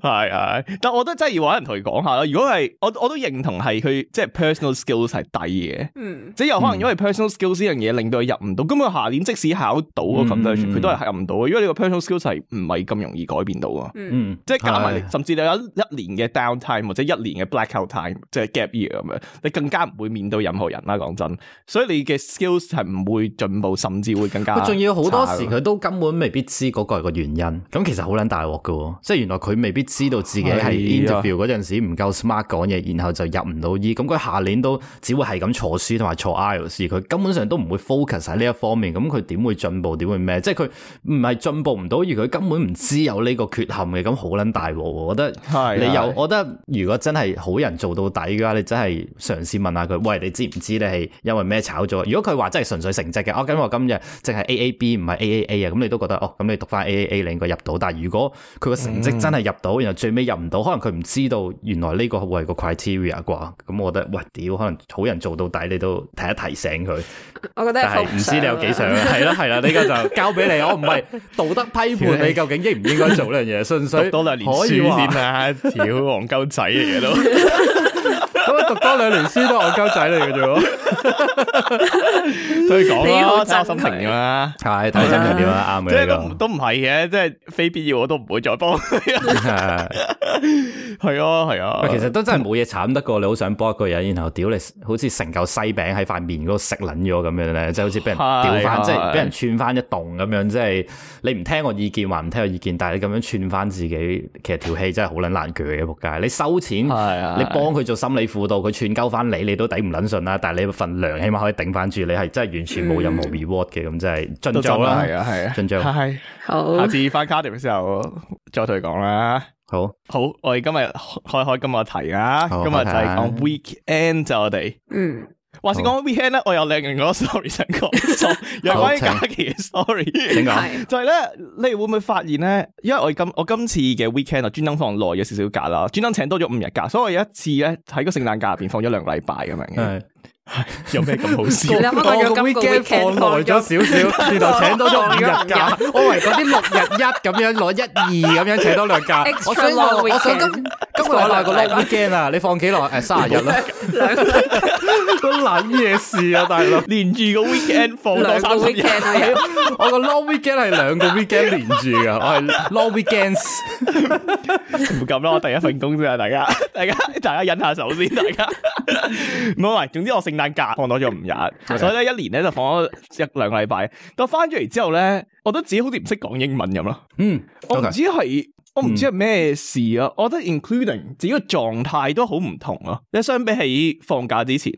係啊，但係我都真係要有人同佢講下啦。如果係我，我都認同係佢即係 personal skills 係低嘅，嗯、即係有可能因為 personal skills 呢樣嘢令到佢入唔到，咁佢下年即使考到咁 c 佢都係入唔到嘅。因為呢個 personal skills 係唔係咁容易改變到啊？嗯、即係加埋的甚至你有一年嘅 down time 或者一年嘅 blackout time，即係 gap year 咁樣，你更加唔會面對任何人啦。講真，所以你嘅 skills 係唔會進步，甚至會更加仲要好多時佢都根本未必知嗰個係個原因。咁其實好捻大鑊噶，即係原來佢佢未必知道自己係 interview 陣的時唔夠 smart 講嘢，然後就入唔到醫。咁佢下年都只會係咁坐書同埋坐 IELTS，佢根本上都唔會 focus 喺呢一方面。咁佢點會進步？點會咩？即係佢唔係進步唔到，而佢根本唔知有呢個缺陷嘅。咁好撚大鑊，我覺得你又的我覺得如果真係好人做到底嘅話，你真係嘗試問下佢：喂，你知唔知你係因為咩炒咗？如果佢話：「真係純粹成績嘅，我咁我今日淨係 AAB 唔係 AAA 啊，咁你都覺得哦，咁你讀翻 AAA 你應該入到。但係如果佢個成績真係、嗯……入到，然後最尾入唔到，可能佢唔知道原來呢個會係個 criteria 啩。咁、嗯、我覺得，喂，屌，可能好人做到底，你都提一提醒佢。我覺得係，唔知你有幾想？係咯， [laughs] 係啦，呢個就交俾你。 [laughs] 我唔係道德批判你，究竟應唔應該做呢樣嘢？順信，多兩年書啊！屌，黃鳩仔嚟嘅都。咁啊，讀多兩年書都係我交仔嚟嘅啫，所以講咯，找心情嘅嘛，睇睇心情點啊，啱嘅呢都唔係嘅，即係、就是、非必要我都唔會再幫。係啊係啊，啊啊啊其實都真係冇嘢慘得過你，好想幫一個人，然後屌你，好似成嚿西餅喺塊面嗰度食撚咗咁樣咧，即係好似俾人屌翻，即係俾人串翻一棟咁樣，即、就、係、是、你唔聽我意見，話唔聽我意見，但係你咁樣串翻自己，其實條氣真係好撚難佢嘅仆街。你收錢，你幫佢做心理。輔導佢串鳩翻你，你都抵唔撚順啦。但係你份糧，起碼可以頂翻住。你係真係完全冇任何 reward 嘅？咁、嗯、真係盡忠啦。係啊，係啊，盡忠。係，好。下次翻卡 a 嘅時候再你，再同佢講啦。好，好，我哋今日開開今日嘅題啊。好今日就係講 weekend、啊、就我哋。嗯。話事講 weekend 咧，好我又另個 story 想講，又關假期 story, sorry 點解？就係咧，你會唔會發現咧？因為我今我今次嘅 weekend 就專登放耐咗少少假啦，專登請多咗五日假，所以我有一次咧喺個聖誕假入邊放咗兩個禮拜咁樣嘅。有咩咁好笑？我個 weekend 放耐咗少少，原來請多咗五日假。我為嗰啲六日一咁樣攞一二咁樣請多兩假。我想，我想今個月賴個 long weekend 啊，你放幾耐？誒，卅日啦。好撚嘢事啊！大佬，連住個 weekend 放多卅日。我個 long weekend 係兩個 weekend 連住噶，我係 long weekends。唔敢啦，我第一份工先，大家，大家，大家忍下手先，大家。唔好話，總之我成。間假放多咗五日， [laughs] 所以咧一年咧就放咗一兩個禮拜。但係翻咗嚟之後咧，我覺得自己好似唔識講英文咁咯。嗯，我唔知係、嗯、我唔知係咩事啊，我覺得 including 自己個狀態都好唔同咯、啊。即相比起放假之前。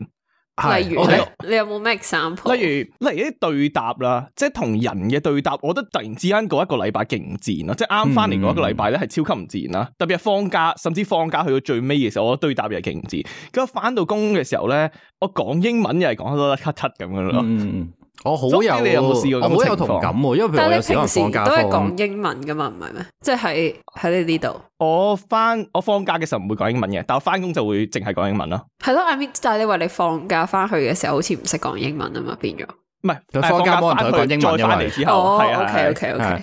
例如，Okay. 你有冇咩 example？例如，例如一啲對答啦，即係同人嘅對答，我覺得突然之間嗰一個禮拜勁唔自然咯，即係啱翻嚟嗰個禮拜咧係超級唔自然啦，嗯、特別係放假，甚至放假去到最尾嘅時候，我覺得對答又係勁唔自然，咁翻到工嘅時候咧，我講英文又係講得甩甩咳咳咁樣咯。嗯 [laughs] 我好有，我都有同感，因為譬如我有時放假都係講英文噶嘛，唔係咩？即係喺你呢度。我翻我放假嘅時候唔會講英文嘅，但我翻工就會淨係講英文咯。係咯，但係你話你放假翻去嘅時候，好似唔識講英文啊嘛，變咗。唔係，放假我唔會講英文，因為翻嚟之後，係 OK OK OK。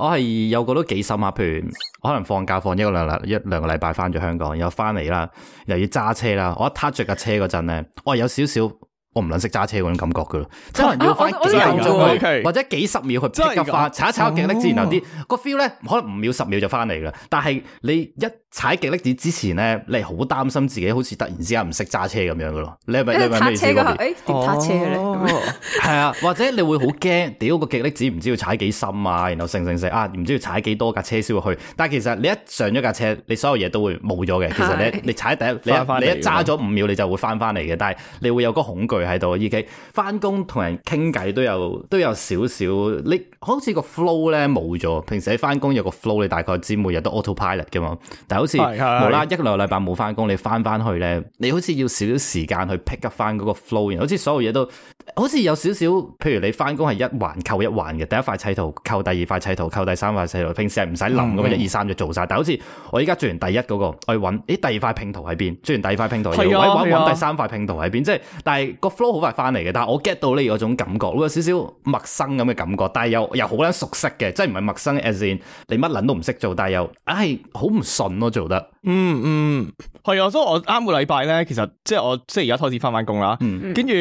我係有個都幾深啊，譬如我可能放假放一個兩禮一兩個禮拜，翻咗香港，又後翻嚟啦，又要揸車啦，我一踏着架車嗰陣咧，我有少少。我唔諗識揸車嗰種感覺噶咯，可能要翻幾嚟秒，或者幾十秒去即撇翻，踩一踩個極力子，然後嗰啲個 feel 咧，可能五秒十秒就翻嚟啦。但係你一踩極力子之前咧，你係好擔心自己好似突然之間唔識揸車咁樣噶咯。你係咪？你係咪？咩意思？誒，點踏車咧？係啊，或者你會好驚，屌個極力子唔知要踩幾深啊，然後成成成啊，唔知要踩幾多架車先會去。但係其實你一上咗架車，你所有嘢都會冇咗嘅。其實你你踩第一，你一揸咗五秒，你就會翻翻嚟嘅。但係你會有嗰個恐懼。喺度 e 翻工，同人傾偈都有都有少少，你好似個 flow 咧冇咗。平時喺翻工有個 flow，你大概知每日都 auto pilot 嘅嘛。但係好似冇啦，一兩個禮拜冇翻工，你翻翻去咧，你好似要少少時間去 pick up 翻嗰個 flow，然後好似所有嘢都好似有少少。譬如你翻工係一環扣一環嘅，第一塊砌圖扣第二塊砌圖扣第三塊砌圖，平時係唔使諗咁一二三就做晒。但係好似我依家做完第一嗰、嗰個，我揾誒第二塊拼圖喺邊？做完第二塊拼圖、啊、要揾、啊、第三塊拼圖喺邊？即係但係 flow 好快翻嚟嘅，但係我 get 到你嗰種感覺，會有少少陌生咁嘅感覺，但係又又好捻熟悉嘅，即係唔係陌生 as in 你乜捻都唔識做，但係又唉好唔順咯做得嗯，嗯嗯，係啊，所以我啱個禮拜咧，其實即係我即係而家開始翻返工啦，跟住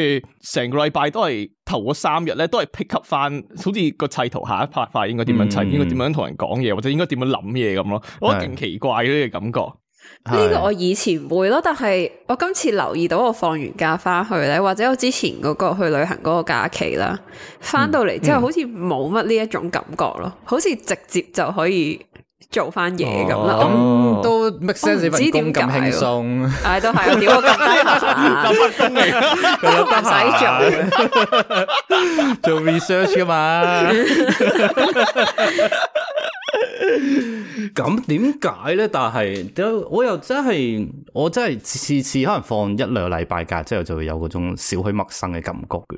成個禮拜都係頭嗰三日咧，都係 pick up 翻，好似個砌圖下一 part 塊應該點樣砌，嗯、應該點樣同人講嘢，或者應該點樣諗嘢咁咯，我覺得勁奇怪呢個的感覺。呢個我以前會咯，但係我今次留意到我放完假翻去咧，或者我之前嗰個去旅行嗰個假期啦，翻到嚟之後好似冇乜呢一種感覺咯，嗯、好似直接就可以做翻嘢咁咯。哦，都唔知點咁輕鬆。哎、嗯，都係，屌我咁低下，咁乜東嚟，咁得閒。做 research 噶嘛。 [laughs] 咁點解咧？但係，我我又真係，我真係次次可能放一兩個禮拜假之後，就會有嗰種少許陌生嘅感覺嘅。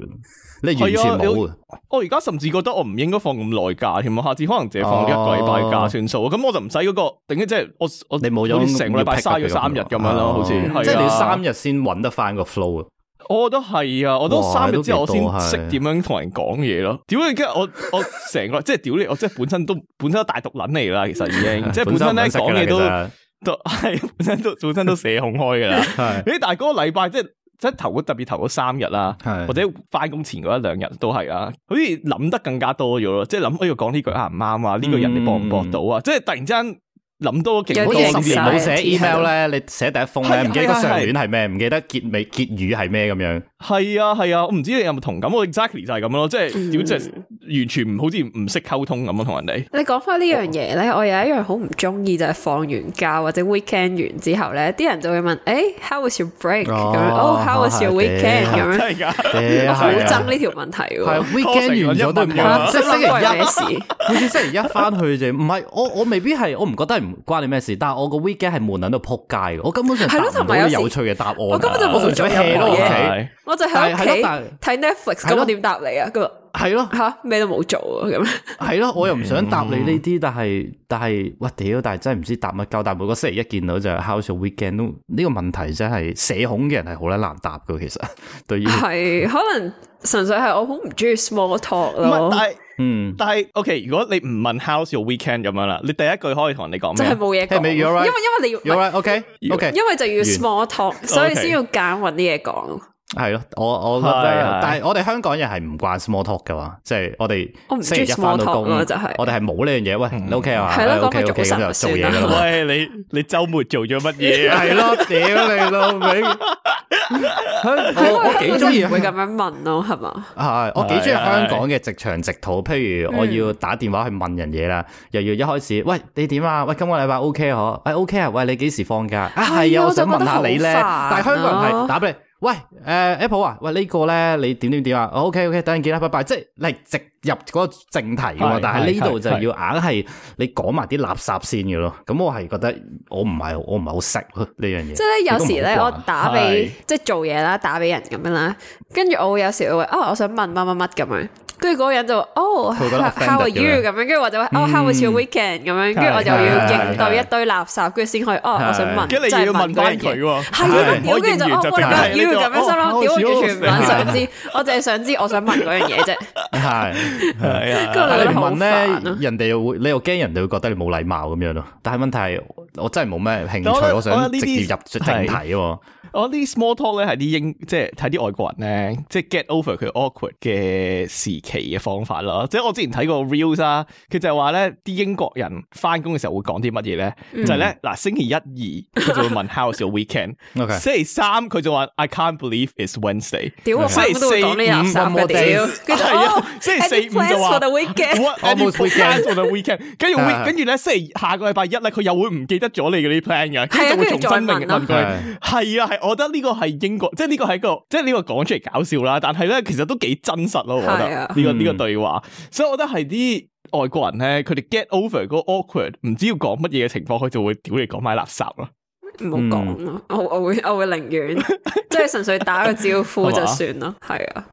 你完全冇、啊。我而家甚至覺得我唔應該放咁耐假添，我下次可能淨係放一個禮拜假算數。咁、啊、我就唔使嗰個，頂起用即係我我你冇有成個禮拜嘥咗三日咁樣咯，好似即係你三日先搵得返個 flow 啊。我覺得係啊，我都三日之後我先識點樣同人講嘢咯。屌你、哦，跟住我我成個即係屌你，我 [laughs] 即係本身都本身都大毒撚嚟啦，其實已經即係本身咧講嘢都實都係本身都，本身都，本，身都本身都社恐開噶啦。誒 [laughs] 是，但係嗰個禮拜即係即係頭嗰特別頭嗰三日啦、啊，是或者翻工前嗰一兩日都係啊，好似諗得更加多咗咯，即係諗我要講呢句啱唔啱啊？呢、這個人你駁唔駁到啊？嗯、即係突然之間。諗多，幾多年冇寫 email 咧，你寫第一封咧，唔記得上聯係咩，唔記得結尾結語係咩咁樣。係啊係啊，我唔知你有冇同感，我 Exactly 就係咁咯，即係表情完全唔好似唔識溝通咁樣同人哋。你講翻呢樣嘢咧，我有一樣好唔中意就係放完假或者 weekend 完之後咧，啲人就會問，誒，How was your break？咁樣，哦，How was your weekend？咁樣，我好憎呢條問題。weekend 完咗都唔知，即係星期一，好似星期一翻去啫唔係我我未必係我唔覺得唔。關你咩事？但係我個 weekend 係悶喺度扑街嘅，我根本上答唔同埋有有趣嘅答案。我根本就冇做任何嘢，的我就喺屋企睇 Netflix。咁點答你啊？咁係咯，吓，咩的都冇做啊？咁樣係咯，我又唔想答你呢啲，嗯，但係但係，哇，屌！但係真係唔知答乜鳩。但每個星期一見到就 How's your weekend 都呢，這個問題真，真係社恐嘅人係好難答噶。其實對於係可能純粹係我好唔中意 small talk 咯。嗯，但係 OK，如果你唔問 How’s your weekend 咁樣啦，你第一句可以同人哋講咩？就係冇嘢講，因為你要、right.，OK OK，, 因為，okay. 因為就要 small talk，完所以先要揀揾啲嘢講。Okay. 係咯，我我覺得，但係我哋香港人係唔慣 small talk 嘅嘛，即係我哋星期一翻到工就係，我哋係冇呢樣嘢。喂，O K 啊，係咯，繼續做嘢嘅啦。喂，你你周末做咗乜嘢？係咯，屌你老味，我我幾中意佢咁樣問咯，係嘛？係，我幾中意香港嘅直腸直肚。譬如我要打電話去問人嘢啦，又要一開始喂，你點啊？喂，今個禮拜 O K 嗬？喂 O K 啊？喂，你幾時放假？啊係啊，我想問下你咧。但係香港人係打俾你。喂，誒、啊、Apple 啊，喂、這個、呢個咧，你點點點啊？OK OK，等陣見啦，拜拜。即係你係直入嗰個正題嘅喎，但係呢度就要硬係你講埋啲垃圾先嘅咯。咁我係覺得我唔係我唔係好識呢樣嘢。即係咧有時咧我打俾是即係做嘢啦，打俾人咁樣啦，跟住我會有時會啊、哦、我想問乜乜乜咁樣。跟住嗰人就哦 how are you 咁樣？跟住我就話 how was your weekend 咁樣？跟住我就要應對一堆垃圾，跟住先可以哦，我想問，即係問嗰樣嘢。係，我跟住就哦，我唔要咁樣心咯，屌我完全唔想知，我淨係想知我想問嗰樣嘢啫。係，跟住你問咧，人哋又會，你又驚人哋會覺得你冇禮貌咁樣咯。但係問題係，我真係冇咩興趣，我想直接入正題啊。我呢 small talk 咧係啲英，即係睇啲外國人咧，即係 get over 佢 awkward 嘅事情。奇嘅方法咯，即係我之前睇過 reels 啊，佢就係話咧，啲英國人翻工嘅時候會講啲乜嘢咧，就係咧，嗱，星期一二佢就會問 how is your weekend，星期三佢就話 I can't believe it's Wednesday，星期四五就話 edit plan，我哋 weekend，跟住跟住咧星期下個禮拜一咧，佢又會唔記得咗你嗰啲 plan 嘅，咁就會重新問佢，係啊係，我覺得呢個係英國，即係呢個係一個，即係呢個講出嚟搞笑啦，但係咧其實都幾真實咯，我覺得。呢、這個呢、這個對話，所以、嗯 so, 我覺得係啲外國人咧，佢哋 get over 嗰個 awkward，唔知要講乜嘢嘅情況，佢就會屌你講埋垃圾咯，唔好講咯，我我會我會寧願 [laughs] 即係純粹打個招呼 [laughs] 就算咯，係吧啊。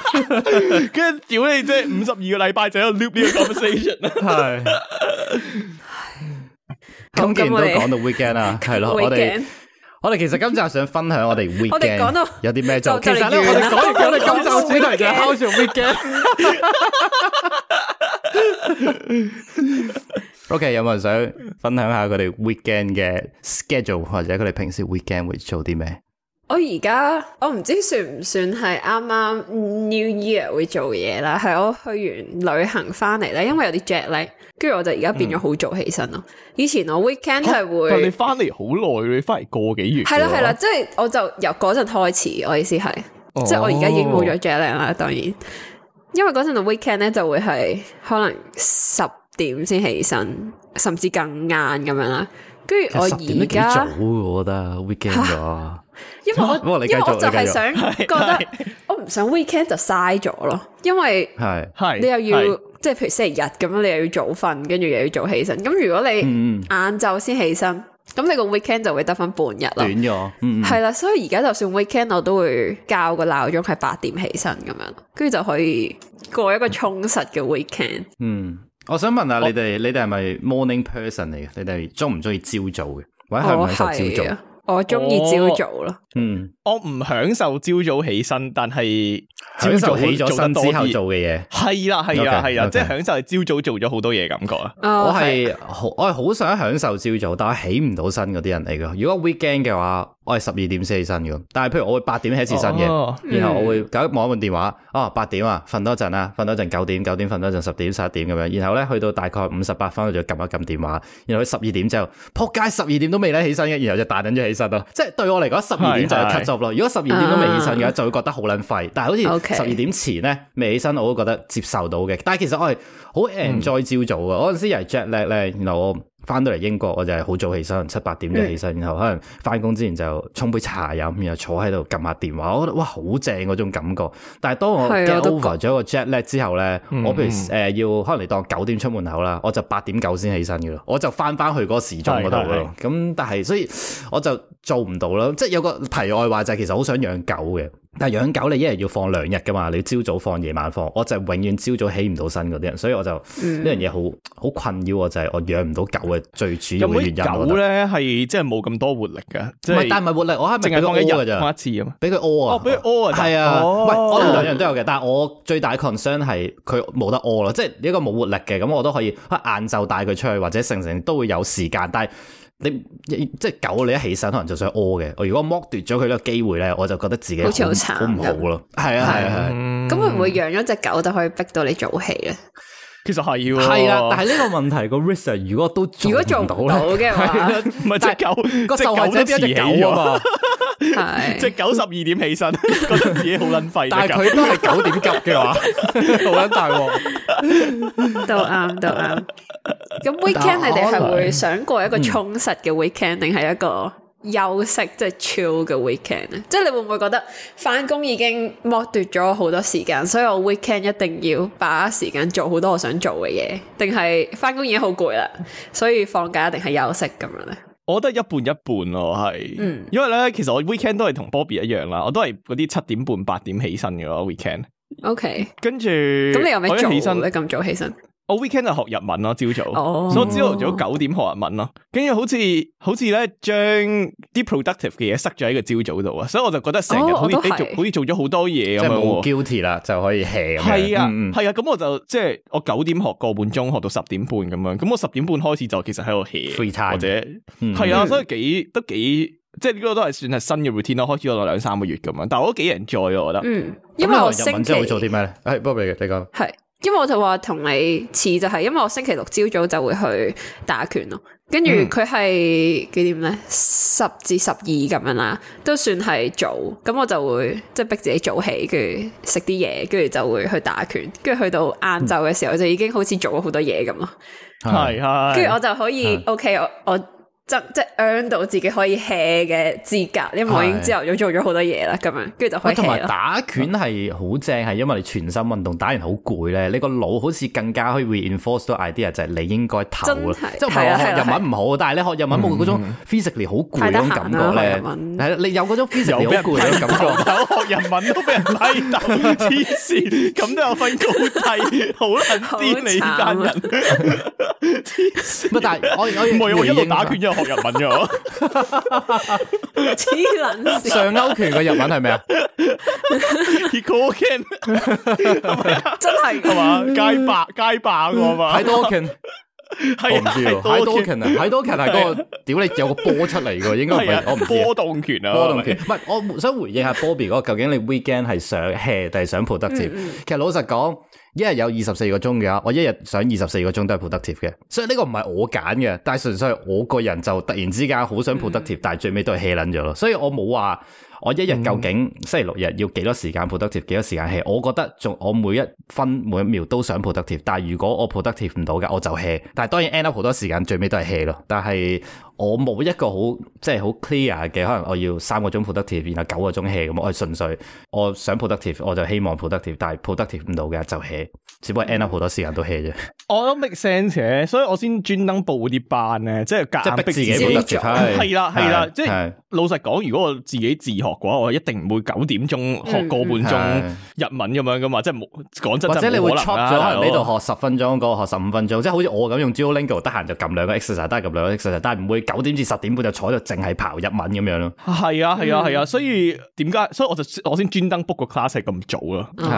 跟住屌你、 [laughs] 嗯，啫，五十二個禮拜就喺度 loop 呢個 conversation 啦。係，今期都講到 weekend 啦，係咯，我哋我哋其實今集想分享我哋 weekend 有啲咩就。就就其實咧，我哋講完我哋今集主題就係關於 weekend。OK，有冇人想分享下佢哋 weekend 嘅 schedule，或者佢哋平時 weekend 會做啲咩？我而家我唔知算唔算係啱啱 New Year 會做嘢啦，係我去完旅行翻嚟咧，因為有啲 jet lag，跟住我就而家變咗好早起身咯。以前我 weekend 係會，啊、但你翻嚟好耐，你翻嚟個幾月？係啦係啦，即 [noise] 係、啊啊就是、我就由嗰陣開始，我意思係，oh. 即係我而家已經冇咗 jet lag 啦。當然，因為嗰陣嘅 weekend 咧就會係可能十點先起身，甚至更晏咁樣啦。跟住我而家，我覺得 weekend 咗，因為我因為我就係想覺得我唔想 weekend 就嘥咗咯，因為係係你又要即係譬如星期日咁樣，你又要早瞓，跟住又要早起身。咁如果你晏晝先起身，咁、嗯、你個 weekend 就會得返半日咯，短咗，係、嗯、啦、嗯。所以而家就算 weekend，我都會較個鬧鐘係八點起身咁樣，跟住就可以過一個充實嘅 weekend。嗯。我想問下你哋我，你哋係咪 morning person 嚟嘅？你哋中唔中意朝早嘅？或者享唔享受朝早？我中意朝早咯。嗯，我唔享受朝早起身，但係朝早起咗身之後做嘅嘢。係啦，係啊，係啊、okay,，okay. 即係享受係朝早做咗好多嘢感覺啊。我係好，我係好想享受朝早，但我起唔到身嗰啲人嚟㗎。如果 weekend 嘅話。我係十二點先起身嘅，但係譬如我會八點起一次身嘅，哦嗯、然後我會搞摸一摸電話，哦八點啊，瞓多陣啊，瞓多陣九點，九點瞓多陣十點十一點咁樣，然後咧去到大概五十八分我就撳一撳電話，然後佢十二點之後，撲街十二點都未咧起身嘅，然後就大等咗起身咯，即係對我嚟講十二點就係 cut off 咯。如果十二點都未起身嘅，uh, 就會覺得好撚廢。但係好似十二點前咧未起身我都覺得接受到嘅。但係其實我係好 enjoy 朝早嘅，我知又係着叻咧，然後我。翻到嚟英國，我就係好早起身，七八點就起身，嗯、然後可能翻工之前就沖杯茶飲，然後坐喺度撳下電話，我覺得哇好正嗰種感覺。但係當我 get over 咗個 jet lag 之後咧，嗯、我譬如誒要、呃、可能嚟當九點出門口啦，我就八點九先起身嘅咯，我就翻翻去嗰時鐘嗰度咯。咁但係所以我就做唔到啦，即係有個題外話就係其實好想養狗嘅。但係養狗你一日要放兩日㗎嘛？你朝早放，夜晚放。我就係永遠朝早起唔到身嗰啲人，所以我就呢、嗯、樣嘢好好困擾我，就係、是、我養唔到狗嘅最主要嘅原因。有有狗咧係即係冇咁多活力㗎，即係唔係？但係唔係活力，我係淨係放一日，放，放一次啊嘛，俾佢屙啊，俾佢屙啊，係啊，唔係兩樣都有嘅。但係我最大 concern 係佢冇得屙咯，即係呢個冇活力嘅咁，我都可以晏晝帶佢出去，或者成成都會有時間帶。但你即係狗，你一起身可能就想屙嘅。我如果剝奪咗佢呢個機會咧，我就覺得自己好似好慘，好唔好咯？係啊係啊係。咁會唔會養咗隻狗就可以逼到你早起啊？其實係要係啦。但係呢個問題個 risk 如果都如果做唔到嘅話，唔係隻狗，個受害者變咗隻狗啊嘛。即九十二點起身，覺得自己好撚廢。但係佢都係九點急嘅話，好撚大鑊。都啱，都啱。咁 [laughs] weekend 你哋係會想過一個充實嘅 weekend，定係、嗯、一個休息即係 chill 嘅 weekend 咧？即係你會唔會覺得翻工已經剝奪咗好多時間，所以我 weekend 一定要把握時間做好多我想做嘅嘢，定係翻工已經好攰啦，所以放假一定係休息咁樣咧？我覺得一半一半咯，係，嗯、因為咧其實我 weekend 都係同 Bobby 一樣啦，我都係嗰啲七點半八點起身嘅咯，weekend。OK，跟住著咁你有咩做起身咧？咁早起身？我 weekend 就學日文咯，朝早，oh。所以我朝頭早九點學日文咯，跟住，好似好似咧將啲 productive 嘅嘢塞咗喺個朝早度啊，所以我就覺得成日好似、oh，好似做咗好多嘢咁樣。即係冇 guilty 啦，就可以 hea 係啊係啊，咁、嗯嗯啊、我就即係、就是、我九點學個半鐘，學到十點半咁樣，咁我十點半開始就其實喺度 hea 或者係、嗯、啊，所以幾都幾即係呢個都係算係新嘅 routine 咯，開始咗兩三個月咁樣，但係都幾 enjoy 我覺得。嗯，因為我日文之後會做啲咩咧？誒，Bobie 你講。係。因為我就話同你似就係，因為我星期六朝早就會去打拳咯，跟住佢係幾點咧？十至十二咁樣啦，都算係早。咁我就會即係逼自己早起，跟住食啲嘢，跟住就會去打拳。跟住去,去到晏晝嘅時候，就已經好似做咗好多嘢咁咯。係跟住我就可以，OK，我我。即係 earn 到自己可以 hea 嘅資格，因為我已經之後都做咗好多嘢啦，咁樣跟住就開始咯。同埋打拳係好正，係因為你全身運動，打完好攰咧。你個腦好似更加可以 reinforce 到 idea，就係你應該唞啦。即係學日文唔好，但係你學日文冇嗰種 physically 好攰嗰種感覺咧。係啊，你有嗰種 physically 好攰嘅感覺。我學日文都俾人批，黐線咁都有份高大， [laughs] 好恨啲你家人。 [laughs] 病但係我我我一路打拳 [laughs] [laughs] 病日文嘅，痴卵 [laughs] 是！上勾拳嘅日文係咩啊？Hikoken，真係係嘛？街霸，街霸嘅嘛？泰、 [noise] 嗯、多 Ken，我唔知喎。泰多 Ken 啊，泰多 Ken 係嗰個，屌你有個波出嚟嘅，應該唔係，我唔知。波動拳啊， [noise] 波動拳，唔係，我想回應下 Bobby 嗰、那個，究竟你 Weekend 係想 hea 定係想抱得住？其實老實講。一日有二十四個鐘嘅話，我一日上二十四個鐘都係 p r o u t i 嘅。所以呢個唔係我揀嘅，但係純粹係我個人就突然之間好想 p r o u t i，但係最尾都係 h e 捻咗咯。所以我冇話我一日究竟星期六日要幾多時間 p r o d u t i，幾多時間 h，我覺得仲我每一分每一秒都想 p r o u t i，但係如果我 p r o u t i 唔到嘅，我就 h，但係當然 end up 好多時間最尾都係 h e 咯。但係。我冇一個好即係好 clear 嘅，可能我要三個鐘 productive，然後九個鐘 hea 咁。我係純粹，我想 productive，我就希望 productive，但係 productive 唔到嘅就 hea 只不過 end up 好多時間都 hea 啫。我都 make sense 嘅，所以我先專登報啲班咧，即係夾逼自己。係啦係啦，即係老實講，如果我自己自學嘅話，我一定唔會九點鐘學個半鐘日文咁樣噶嘛。即係冇講真，或者你會 cut 咗？可能呢度學十分鐘，嗰個學十五分鐘，即係好似我咁用 Duolingo，得閒就撳兩個 exercise，都撳兩個但係唔會。九點至十點半就坐喺度，淨係刨日文咁樣咯。係啊，係啊，係啊，所以點解？所以我就我先專登 book 個 class 係咁早咯。係，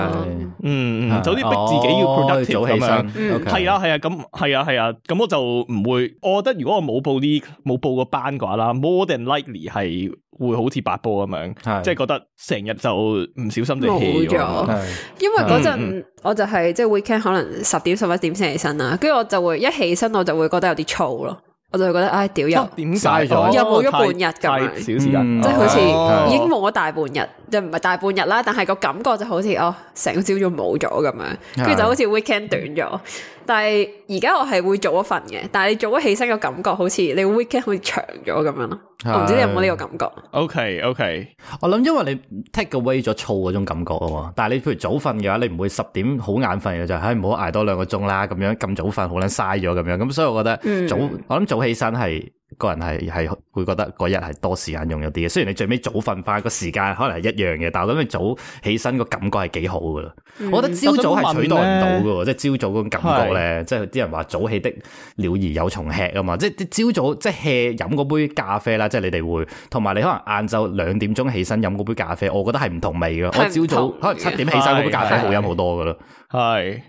嗯，早啲逼自己要 productive 咁樣。係啊，係啊，咁係啊，係啊，咁我就唔會。我覺得如果我冇報啲冇報個班嘅話啦，more than likely 係會好似八波咁樣，即係覺得成日就唔小心就 hea 咗。因為嗰陣我就係即係 weekend 可能十點十一點先起身啦，跟住我就會一起身我就會覺得有啲燥咯。我就覺得唉、哎，屌，又點解咗？又冇咗半日咁，小小嗯、即係好似已經冇咗大半日，又唔係大半日啦。但係個感覺就好似哦，成個朝早冇咗咁樣，跟住的就好似 weekend 短咗。的 [laughs] 但係而家我係會早瞓嘅，但係你早起身嘅感覺好似你 weekend 好似長咗咁樣咯，的我唔知你有冇呢個感覺。OK OK，我諗因為你 take away 咗，燥嗰種感覺啊，嘛。但係你譬如早瞓嘅話，你唔會十點好眼瞓嘅就係，唉、哎，唔好挨多兩個鐘啦，咁樣咁早瞓好撚嘥咗咁樣，咁所以我覺得早，嗯、我諗早起身係。個人係係會覺得嗰日係多時間用咗啲嘅，雖然你最尾早瞓翻個時間可能係一樣嘅，但係我諗你早起身個感覺係幾好噶啦。我覺得朝早係取代唔到噶，即係朝早嗰種感覺咧，即係啲人話早起的鳥兒有蟲吃啊嘛，即係朝早即係飲嗰杯咖啡啦，即係你哋會，同埋你可能晏晝兩點鐘起身飲嗰杯咖啡，咖啡我覺得係唔同味噶。我朝早可能七點起身嗰杯咖啡好飲好多噶咯。係，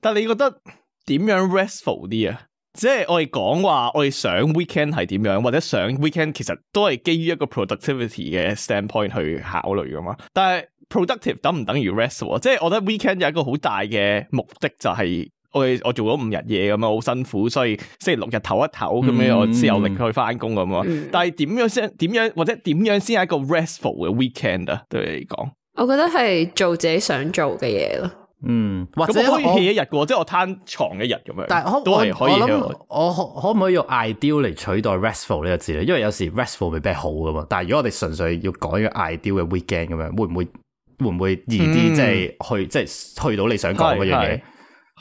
但係你覺得樣點樣 restful 啲啊？即係我哋講話，我哋想 weekend 係點樣，或者想 weekend 其實都係基於一個 productivity 嘅 standpoint 去考慮噶嘛。但係 productive 等唔等於 restful？即係我覺得 weekend 有一個好大嘅目的就係我我做咗五日嘢咁樣，好辛苦，所以星期六日唞一唞咁樣我先有力去翻工咁啊。嗯、但係點樣先點樣或者點樣先係一個 restful 嘅 weekend 啊？對你嚟講，我覺得係做自己想做嘅嘢咯。嗯，或者可以歇一日嘅，我即係我攤床一日咁樣，但係都係可以我。我，我可唔可以用 ideal 嚟取代 restful 呢個字咧？因為有時 restful 未必係好噶嘛。但係如果我哋純粹要講一個 ideal 嘅 weekend 咁樣，會唔會會唔會易啲？即係、嗯、去即係去，去到你想講嗰是樣嘢？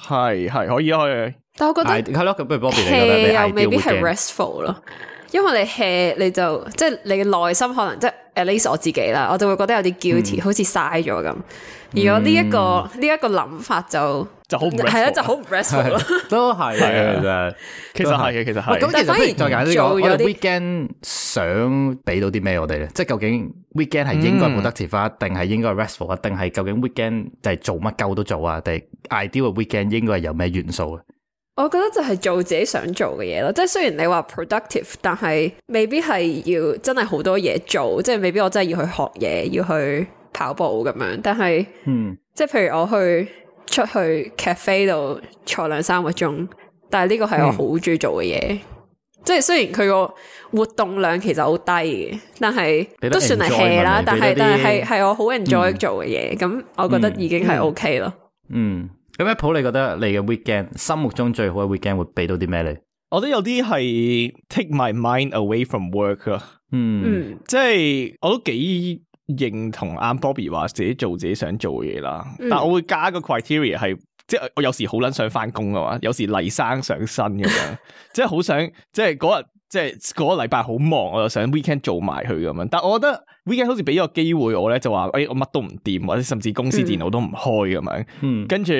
係係可以可以，可以但係我覺得係咯，咁不如 Bobby 你又未必係 restful 因為你 hea，你就即係你嘅內心可能即係 at least 我自己啦，我就會覺得有啲 guilty，好似嘥咗咁。如果呢一個呢一個諗法就就好唔 restful，係啊，就好唔 restful，都係嘅真係。其實係嘅，其實係。咁，所以再講呢個 weekend 想俾到啲咩我哋咧？即係究竟 weekend 係應該 productive，定係應該 restful 啊？定係究竟 weekend 就係做乜鳩都做啊？定 ideal weekend 應該係有咩元素咧？我覺得就係做自己想做嘅嘢咯，即係雖然你話 productive，但係未必係要真係好多嘢做，即係未必我真係要去學嘢，要去跑步咁樣。但係，嗯，即係譬如我去出去 cafe 度坐兩三個鐘，但係呢個係我好中意做嘅嘢。嗯、即係雖然佢個活動量其實好低嘅，但係都算係 hea 啦。但係是但係係係我好 enjoy 做嘅嘢，咁、嗯、我覺得已經係 OK 咯、嗯。嗯。嗯。咁 Apple，你覺得你嘅 weekend 心目中最好嘅 weekend 會俾到啲咩你？我覺得有啲係 take my mind away from work 咯，嗯，嗯即係我都幾認同阿 Bobby 話自己做自己想做嘅嘢啦。嗯、但我會加一個 criteria 係，即係我有時好捻想翻工㗎嘛，有時黎生上身咁樣， [laughs] 即係好想即係嗰日即係嗰個禮拜好忙，我又想 weekend 做埋佢咁樣。但我覺得。weekend 好似俾咗個機會我咧就話，哎，我乜都唔掂，或者甚至公司電腦都唔開咁樣，嗯、跟住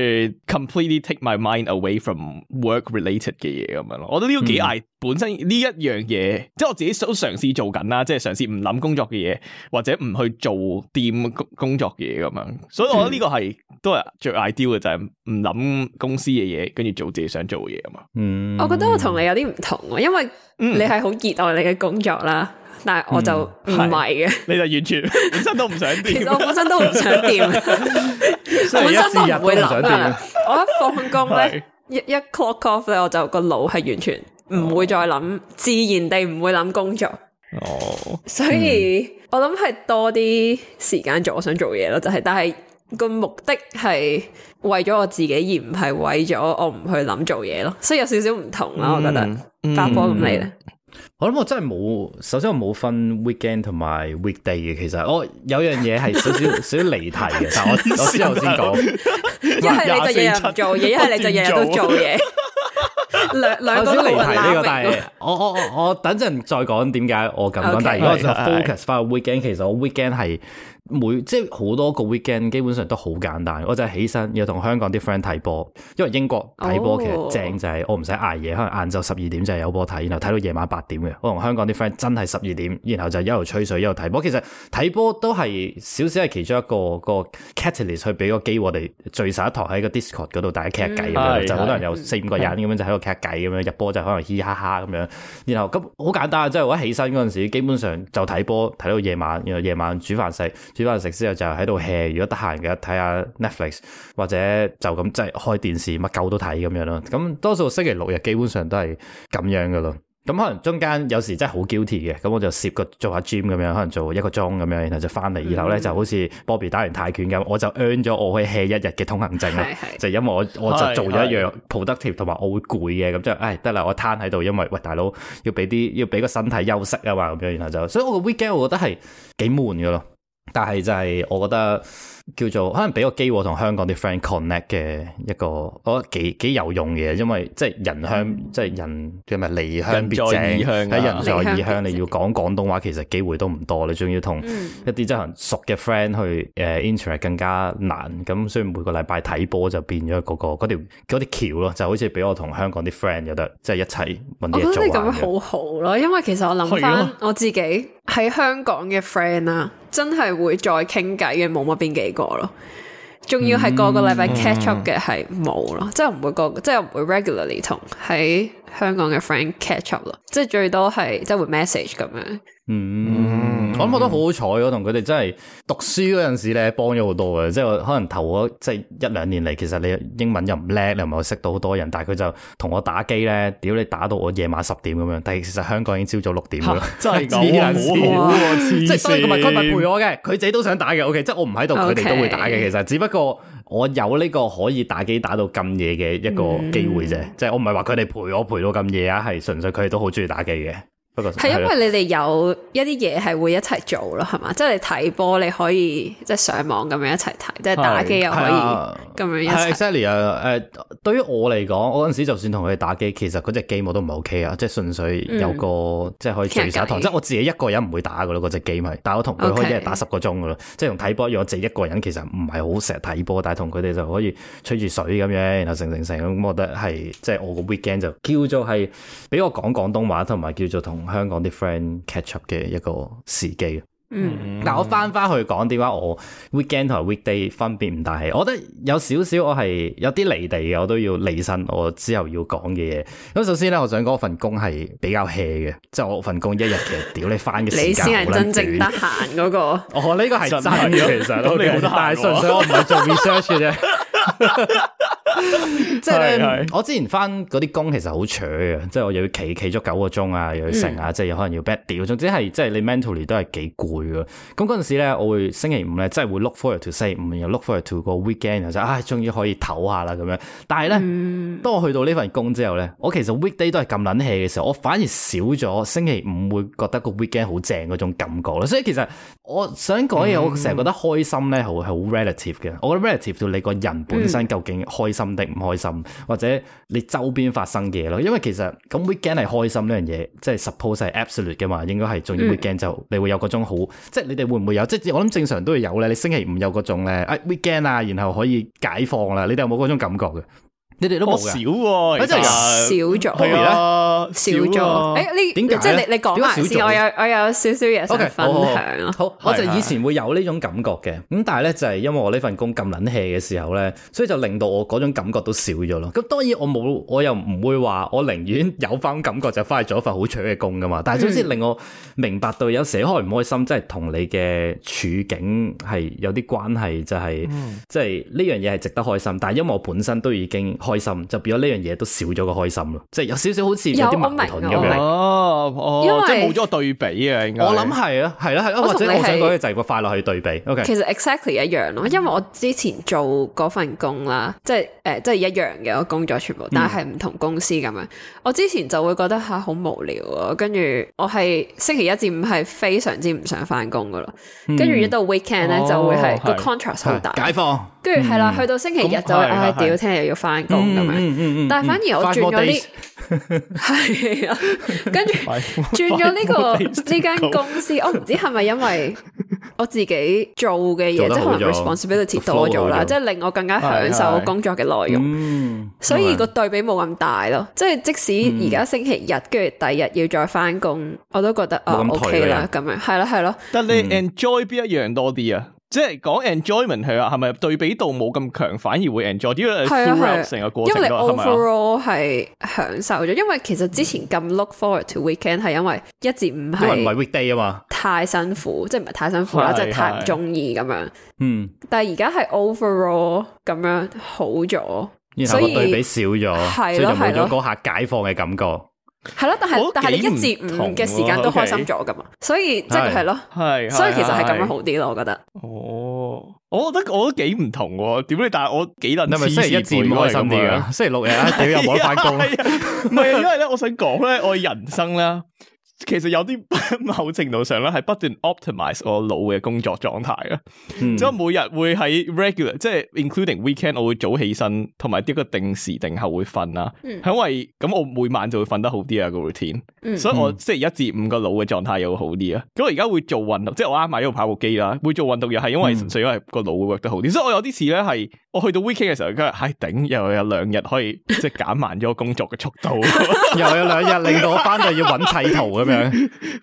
completely take my mind away from work related 嘅嘢咁樣咯。嗯、我覺得呢個幾係本身呢一樣嘢，即係我自己都嘗試做緊啦，即係嘗試唔諗工作嘅嘢，或者唔去做掂工作嘅嘢咁樣。所以我覺得呢個係、嗯、都係最 ideal 嘅就係唔諗公司嘅嘢，跟住做自己想做嘅嘢啊嘛。嗯，我覺得我同你有啲唔同，因為你係好熱愛你嘅工作啦。但係我就唔係嘅，你就完全本身都唔想掂。其實我本身都唔想掂，本身都唔會諗嘅。我一放工咧，一一 clock off 咧，我就個腦係完全唔會再諗，自然地唔會諗工作。哦，所以我諗係多啲時間做我想做嘢咯，就係，但係個目的係為咗我自己，而唔係為咗我唔去諗做嘢咯。所以有少少唔同啦，我覺得八波咁嚟咧。我諗我真係冇，首先我冇分 weekend 同埋 weekday 嘅。其實我有樣嘢係少少 [laughs] 少少離題嘅，但係我 [laughs] 我之後先講。一係 [laughs] 你就日日做嘢，一係你就日日都做嘢。兩兩 [laughs] 個都離題呢個，但係 [laughs] 我我 [laughs] 我我等陣再講點解我咁講。Okay. 但係如果我 focus 翻 weekend，其實我 weekend 係。每，即係好多個 weekend 基本上都好簡單，我就係起身要同香港啲 friend 睇波，因為英國睇波其實正就係我唔使捱夜，可能晏晝十二點就係有波睇，然後睇到夜晚八點嘅。我同香港啲 friend 真係十二點，然後就一路吹水一路睇波。其實睇波都係少少係其中一個一個 catalyst 去俾個機會我哋聚晒一堂喺個 discord 嗰度大家傾下偈，咁樣，嗯、就好多人有四五的個人咁樣就喺度傾下偈，咁樣入波就可能嘻嘻哈哈咁樣。然後咁好簡單即係、就是、我一起身嗰陣時，基本上就睇波睇到夜晚，然後夜晚煮飯食。煮飯食之後就喺度 hea，如果得閒嘅睇下 Netflix 或者就咁即係開電視乜狗都睇咁樣咯。咁多數星期六日基本上都係咁樣噶咯。咁可能中間有時真係好 guilty 嘅，咁我就攝個做下 gym 咁樣，可能做一個鐘咁樣，然後就翻嚟。然、嗯、後咧就好似 Bobby 打完泰拳咁，我就 earn 咗我可以 hea 一日嘅通行證咯。是是就因為我我就做咗一樣 positive 同埋我會攰嘅，咁即係誒得啦，我攤喺度，因為喂大佬要俾啲要俾個身體休息啊嘛咁樣，然後就所以我個 weekend 我覺得係幾悶噶咯。但係就係，我覺得。叫做可能俾個機會同香港啲 friend connect 嘅一個，我覺得幾幾有用嘅，因為即係人鄉，嗯、即係人叫咩離鄉別井喺人在異鄉、啊、鄉，鄉你要講廣東話其實機會都唔多，你仲要同一啲，嗯、即係熟嘅 friend 去誒 interact 更加難，咁所以每個禮拜睇波就變咗嗰、那個嗰條啲橋咯，就好似俾我同香港啲 friend 有得即係一齊揾嘢做，我覺得咁樣好好咯，因為其實我諗翻，啊、我自己喺香港嘅 friend 啦，真係會再傾偈嘅冇乜邊幾個。仲要係個個禮拜 catch up 嘅係冇咯，嗯、即係唔會個，即係唔會 regularly 同喺，香港嘅 friend catch up 咯，即係最多係即係會 message 咁樣。嗯，嗯我諗，我都覺得好好彩，我同佢哋真係讀書嗰陣時咧幫咗好多嘅。即係可能頭嗰即係一兩年嚟，其實你英文又唔叻，你又唔係識到好多人，但係佢就同我打機咧，屌你打到我夜晚十點咁樣，但係其實香港已經朝早六點啦，啊、真係咁、啊、好啊！即係所以佢咪佢咪陪我嘅，佢自己都想打嘅。O、OK, K，即係我唔喺度，佢哋都會打嘅。OK, 其實只不過。我有呢個可以打機打到咁夜嘅一個機會啫，mm hmm。即係我唔係話佢哋陪我陪到咁夜啊，係純粹佢哋都好中意打機嘅。係因為你哋有一啲嘢係會一齊做咯，係嘛？即係你睇波，你可以即係上網咁樣一齊睇，是即係打機又可以咁樣一齊。係 Sally 啊，誒、呃，對於我嚟講，我嗰陣時就算同佢哋打機，其實嗰隻機我都唔係 ok 啊，即係純粹有個、嗯、即係可以隨耍堂，即係我自己一個人唔會打噶咯，嗰隻機咪。但我同佢可以一日打十個鐘噶咯，Okay. 即係同睇波。如果自己一個人其實唔係好成日睇波，但係同佢哋就可以吹住水咁樣，然後成成成咁，我覺得係即係我個 weekend 就叫做係俾我講廣東話，同埋叫做同。香港啲 friend catch up 嘅一個時機。嗯，但係我翻翻去講點解我 weekend 同埋 weekday 分別唔大氣，我覺得有少少我係有啲離地嘅，我都要釐身。我之後要講嘅嘢。咁首先咧，我想講份工係比較 hea 嘅，即係我份工一日其實屌你翻嘅時間好短。你先係真正得閒嗰個。哦，呢個係真嘅，其實都，但係純粹我唔係做 research 嘅啫。 [laughs] 即係呢是是 我之前翻嗰啲工，其實好扯嘅，即係我又要企企咗九個鐘啊，又要成啊，嗯、即係有可能要 back 掉，總之係即係你 mentally 都係幾攰嘅。咁嗰陣時咧，我會星期五咧，即係會 look forward to 星期五，又 look forward to 個 weekend，就唉，終、哎、於可以唞下啦咁樣。但係咧，嗯、當我去到呢份工之後咧，我其實 weekday 都係咁捻氣嘅時候，我反而少咗星期五會覺得個 weekend 好正嗰種感覺啦。所以其實我想講嘢，我成日覺得開心咧，係好 relative 嘅，我覺得 relative 到你個人本。生究竟開心定唔開心，或者你周邊發生嘅嘢咯，因為其實咁 weekend 係開心呢樣嘢，即係 suppose 係 absolute 嘅嘛，應該係仲要 weekend 就你會有嗰種好，嗯、即係你哋會唔會有？即係我諗正常都會有咧。你星期五有嗰種咧，誒 weekend 啊，然後可以解放啦。你哋有冇嗰種感覺嘅？你哋都冇嘅，少喎，少咗，係啊，少咗。誒，你點解？即係你你講下先，我有我有少少嘢想分享。好，okay, oh, oh, oh, 我就以前會有呢種感覺嘅，咁是但係咧就係因為我呢份工咁撚氣嘅時候咧，所以就令到我嗰種感覺都少咗咯。咁當然我冇，我又唔會話我寧願有翻感覺就翻去做一份好脆嘅工噶嘛。但係總之令我明白到有時開唔開心即係同你嘅處境係有啲關係，就係即係呢樣嘢係值得開心。但係因為我本身都已經。開心就變咗呢樣嘢都少咗個開心咯，即係有少少好似有啲矛盾咁樣哦哦，哦因為即係冇咗個對比啊，應該我諗係啊，係啦係，或者我想講嘅就係個快樂去對比。Okay，其實 exactly 一樣咯，因為我之前做嗰份工啦，即係誒、呃，即係一樣嘅我工作，全部但係唔同公司咁樣。嗯、我之前就會覺得吓好無聊啊，跟住我係星期一至五係非常之唔想翻工噶咯，跟住一到 weekend 咧、哦、就會係個 contrast 好大，解放。跟住係啦，去到星期日就唉，屌，聽日又要翻工咁樣。但係反而我轉咗啲，係啊，跟住轉咗呢個呢間公司，我唔知係咪因為我自己做嘅嘢，即係可能 responsibility 多咗啦，即係令我更加享受工作嘅內容。所以個對比冇咁大咯。即係即使而家星期日，跟住第日要再翻工，我都覺得啊 OK 啦，咁樣係咯係咯。但你 enjoy 邊一樣多啲啊？即係講 enjoyment 係啊，係咪對比度冇咁強，反而會 enjoy 啲咯？係啊，啊，因為你 overall 係享受咗，是是啊，因為其實之前咁 look forward to weekend 係因為一至五係因為唔係 weekday 啊嘛，太辛苦，即係唔係太辛苦啦，是是即係太唔中意咁樣。是是樣嗯，但係而家係 overall 咁樣好咗，所以對比少咗，的所以就冇咗嗰下解放嘅感覺。係咯，但係但係你一至五嘅時間都開心咗噶嘛，所以即係係咯，所以其實係咁樣好啲咯，我覺得。哦，我覺得我都幾唔同，點咧？但係我幾捻星期一至五開心啲啊！星期六日又冇得翻工，唔係因為咧，我想講咧，我人生咧。其實有啲某程度上咧，係不斷 optimize 我腦嘅工作狀態嘅，即係每日會喺 regular，即係 including weekend，我會早起身，同埋啲個定時定候會瞓啦，係因為咁我每晚就會瞓得好啲啊個 routine，所以我星期一至五個腦嘅狀態又會好啲啊。咁我而家會做運動，即係我啱買咗部跑步機啦，會做運動又係因為，純粹因為個腦 work 得好啲，所以我有啲事咧係我去到 weekend 嘅時候，佢係唉頂，又有兩日可以即係減慢咗工作嘅速度，又有兩日令到我翻到要揾砌圖啊。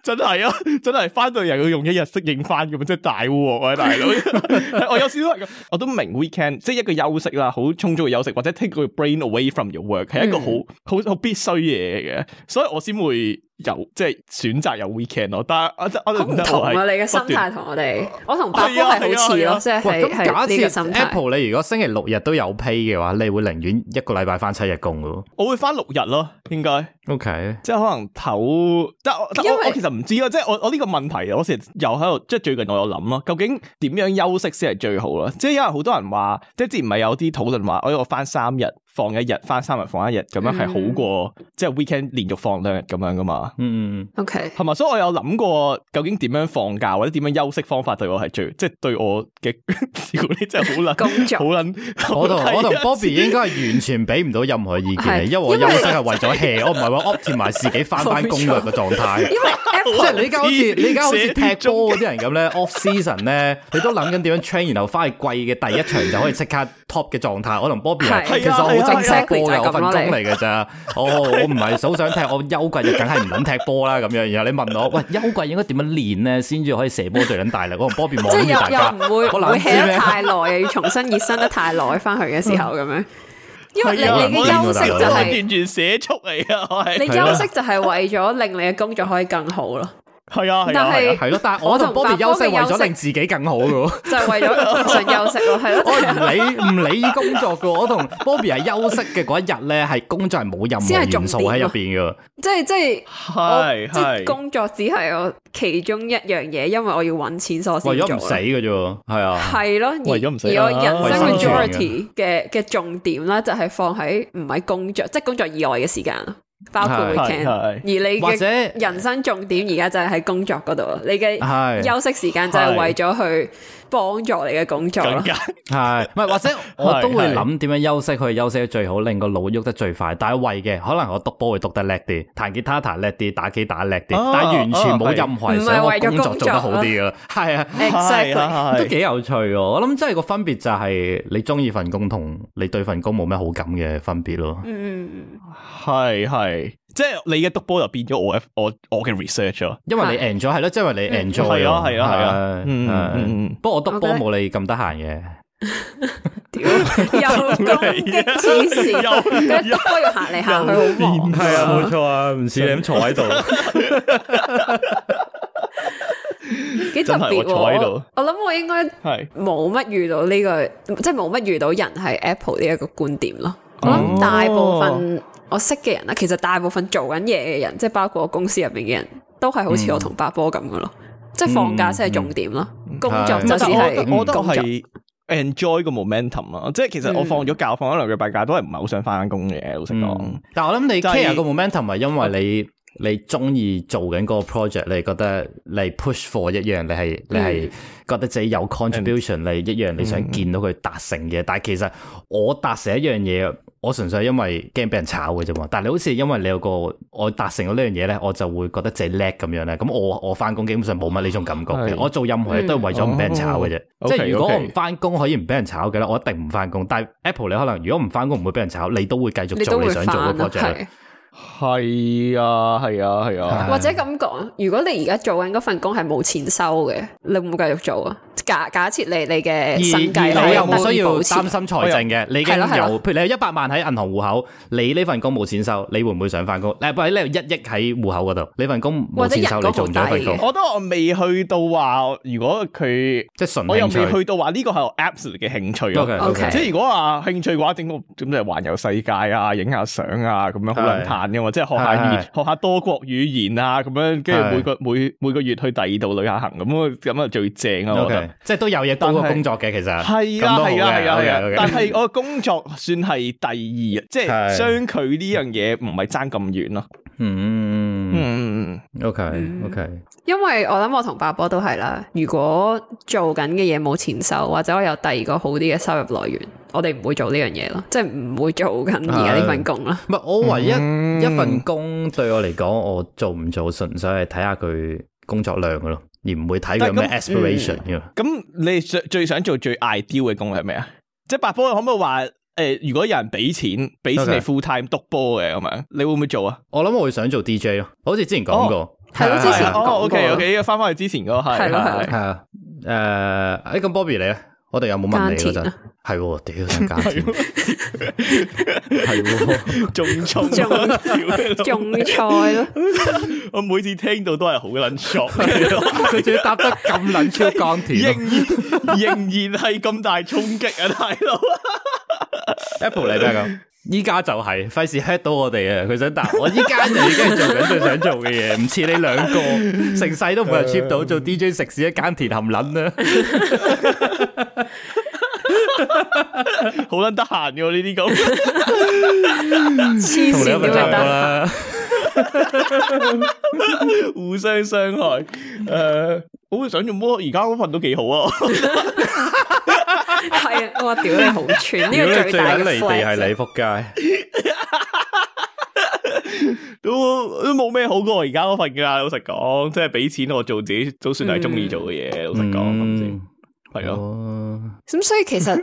真係啊，真係翻到又要用一日適應翻咁即真係大鑊啊大佬！ [laughs] 我有時都係咁，我都明 weekend 即係一個休息啦，好充足嘅休息，或者 take 個 brain away from your work 係一個好好好必須嘢嘅，所以我先會。有即係選擇有 weekend 咯，但係我我哋唔同你嘅心態同我哋，我,我同達哥係好似咯，即係係假設 Apple 你如果星期六日都有 pay 嘅話，你會寧願一個禮拜翻七日工噶？我會翻六日咯，應該。O Okay . K，即係可能唞，但我但我,為我其實唔知啊，即係我我呢個問題，我成日又喺度，即係最近我有諗咯，究竟點樣休息先係最好咯？即係因為好多人話，即係之前唔係有啲討論話，哎我翻三日。放一日，翻三日，放一日咁樣係好過，即係 weekend 連續放兩日咁樣噶嘛。嗯，OK，係嘛，所以我有諗過究竟點樣放假或者點樣休息方法對我係最，即係對我嘅管理真係好捻工作好捻。我同我同 Bobby 應該係完全俾唔到任何意見，因為我休息係為咗 hea，我唔係話 opt 埋自己翻班攻略嘅狀態。因為即係你而家好似你而家好似踢波嗰啲人咁咧，off season 咧，你都諗緊點樣 train，然後翻去季嘅第一場就可以即刻 top 嘅狀態，我同 Bobbi 係，其實好珍惜波嘅分鐘嚟嘅啫。我我唔係好想踢，我休季就梗係唔諗踢波啦。咁樣，然後你問我，喂，休季應該點樣練咧，先至可以射波最緊大力？我同 Bobbi 望咗大家，即係又又唔會會起得太耐，又要重新熱身得太耐，翻去嘅時候咁樣。因為你你嘅休息就係完全射速嚟啊！你休息就係為咗令你嘅工作可以更好咯。係啊， [music] 但係係咯，但係我同 Bobby 休息為咗令自己更好嘅， [laughs] 就為咗想休息咯，係咯。就是、 [laughs] 我唔理唔理工作嘅，我同 Bobby 係休息嘅嗰一日咧，係工作係冇任何元素喺入邊嘅，即係即係係係工作只係我其中一樣嘢，因為我要搵錢所先做。為而家唔死嘅啫，係啊，係咯， [laughs] 而而我人生 majority 嘅嘅重點咧，就係放喺唔係工作，即、就、係、是、工作以外嘅時間包括會 can，是而你嘅人生重點而家就係喺工作嗰度，是是你嘅休息時間就係為咗去。幫助你嘅工作係，唔係更加 [laughs] 或者 [laughs] 我都會諗點樣休息可以休息得最好，令個腦喐得最快。但係為嘅，可能我督波會督得叻啲，彈吉他彈叻啲，打機打叻啲，但係完全冇任何，啊，想我工作做得好啲嘅，係啊 exactly 都幾有趣，啊。我諗真係個分別就係你中意份工同你對份工冇咩好感嘅分別咯。嗯，係係。即係你嘅督波就變咗我我我嘅 research 咯，因為你 enjoy 係咯，即係因為你 enjoy 係啊係啊係啊，不過我督波冇你咁得閒嘅，屌又多啲事，又督波要行嚟行去好忙，係啊冇錯啊，唔似你咁坐喺度，幾特別喎，我諗我應該係冇乜遇到呢個，即係冇乜遇到人係 Apple 呢一個觀點咯，我諗大部分。 [music] 我識嘅人啦，其實大部分做緊嘢嘅人，即係包括我公司入面嘅人都係好似我同八波咁嘅咯，嗯、即係放假先係重點咯。嗯、工作就我我都係 enjoy 個 momentum 咯、嗯。即係其實我放咗假，放咗兩個禮拜假都係唔係好想翻工嘅，老實講。但係我諗你 share 個 momentum 係因為你。你中意做緊嗰個 project，你覺得你 push for 一樣，你係你係覺得自己有 contribution，你 And, 一樣你想見到佢達成嘅。嗯。但係其實我達成一樣嘢，我純粹係因為驚俾人炒嘅啫嘛。但係你好似因為你有個我達成咗呢樣嘢咧，我就會覺得自己叻咁樣咧。咁我我翻工基本上冇乜呢種感覺嘅。是我做任何嘢都係為咗唔俾人炒嘅啫。嗯。Oh, okay, okay. 即係如果我唔翻工可以唔俾人炒嘅啦，我一定唔翻工。但係 Apple 你可能如果唔翻工唔會俾人炒，你都會繼續做你想做嘅 project。係啊，係啊，係啊。或者咁講，如果你而家做緊嗰份工係冇錢收嘅，你會唔會繼續做啊？假假設你你嘅而你又冇需要擔心財政嘅，你嘅有譬如你有一百萬喺銀行戶口，你呢份工冇錢收，你會唔會想返工？你或者一億喺戶口嗰度，你份工冇錢收，你做唔做份工？我覺得我未去到話，如果佢即係我又未去到話，呢個係 apps 嘅興趣。即係如果話興趣嘅話，整個咁就環遊世界啊，影下相啊，咁樣好論嘆嘅嘛，即係學下學下多國語言啊，咁樣跟住每個每每個月去第二度旅行咁啊，咁啊最正啊，我覺得。即係都有嘢當個工作嘅，是其實係啊，係啊，係啊，啊 okay, okay. 但係我工作算係第二， [laughs] 即係將佢呢樣嘢唔係爭咁遠咯。嗯，OK，OK 是嗯，okay, 嗯，嗯。因為我諗我同八波都係啦，如果做緊嘅嘢冇錢收，或者我有第二個好啲嘅收入來源，我哋唔會做呢樣嘢咯，即係唔會做緊而家呢份工啦。唔係、嗯嗯、我唯一一份工，對我嚟講，我做唔做純粹係睇下佢。工作量噶咯，而唔會睇佢有咩 aspiration 嘅。咁、嗯嗯嗯、你最最想做最 ideal 嘅工係咩啊？即係白波，可唔可以話誒、呃？如果有人俾錢，俾錢嚟 full time 督波嘅咁樣，你會唔會做啊？我諗我會想做 DJ 咯，好似之前講過。係咯，之前。哦，OK，OK，、okay, okay, 翻翻去之前嗰個。我係係係啊。誒，哎，咁 Bobby 你咧？我哋有冇問你陣？係喎，屌成間田，係喎，種菜，種菜，種菜咯。我每次聽到都係好撚熟，佢仲要答得咁撚超乾甜，仍然仍然係咁大衝擊啊！大佬，Apple 你都係咁，依家就係費事 hit 到我哋啊！佢想答我依家，而家已經做緊最想做嘅嘢，唔似你兩個成世都唔係 cheap 到做 DJ 食屎一間田含撚啊！好捻得閒嘅呢啲咁，黐線點解互相傷害誒，uh, 我諗住摸而家嗰份都幾好 [laughs] [laughs] [laughs] 啊！係我屌你好串，呢個最大嘅壞。最緊嚟地係你扑街，都都冇咩好過我而家嗰份噶。老實講，即係俾錢我做自己都算係中意做嘅嘢。嗯、老實講，咁先係咯，咁所以其實。 [laughs]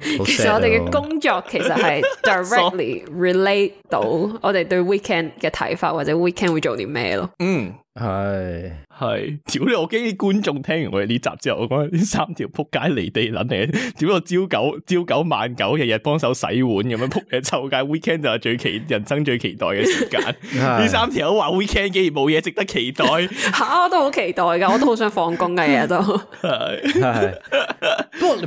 其實我哋嘅工作其實係 directly relate 到我哋對 weekend 嘅睇法或者 weekend 會做啲咩咯？嗯，係係，屌你，我驚啲觀眾聽完我哋呢集之後，我講呢三條撲街離地捻嘢。只不過朝九朝九晚九日日幫手洗碗咁樣撲嘢臭街。weekend 就係最期人生最期待嘅時間，呢是三條話 weekend 竟然冇嘢值得期待，吓 [laughs] 我都好期待噶，我都好想放工嘅嘢都不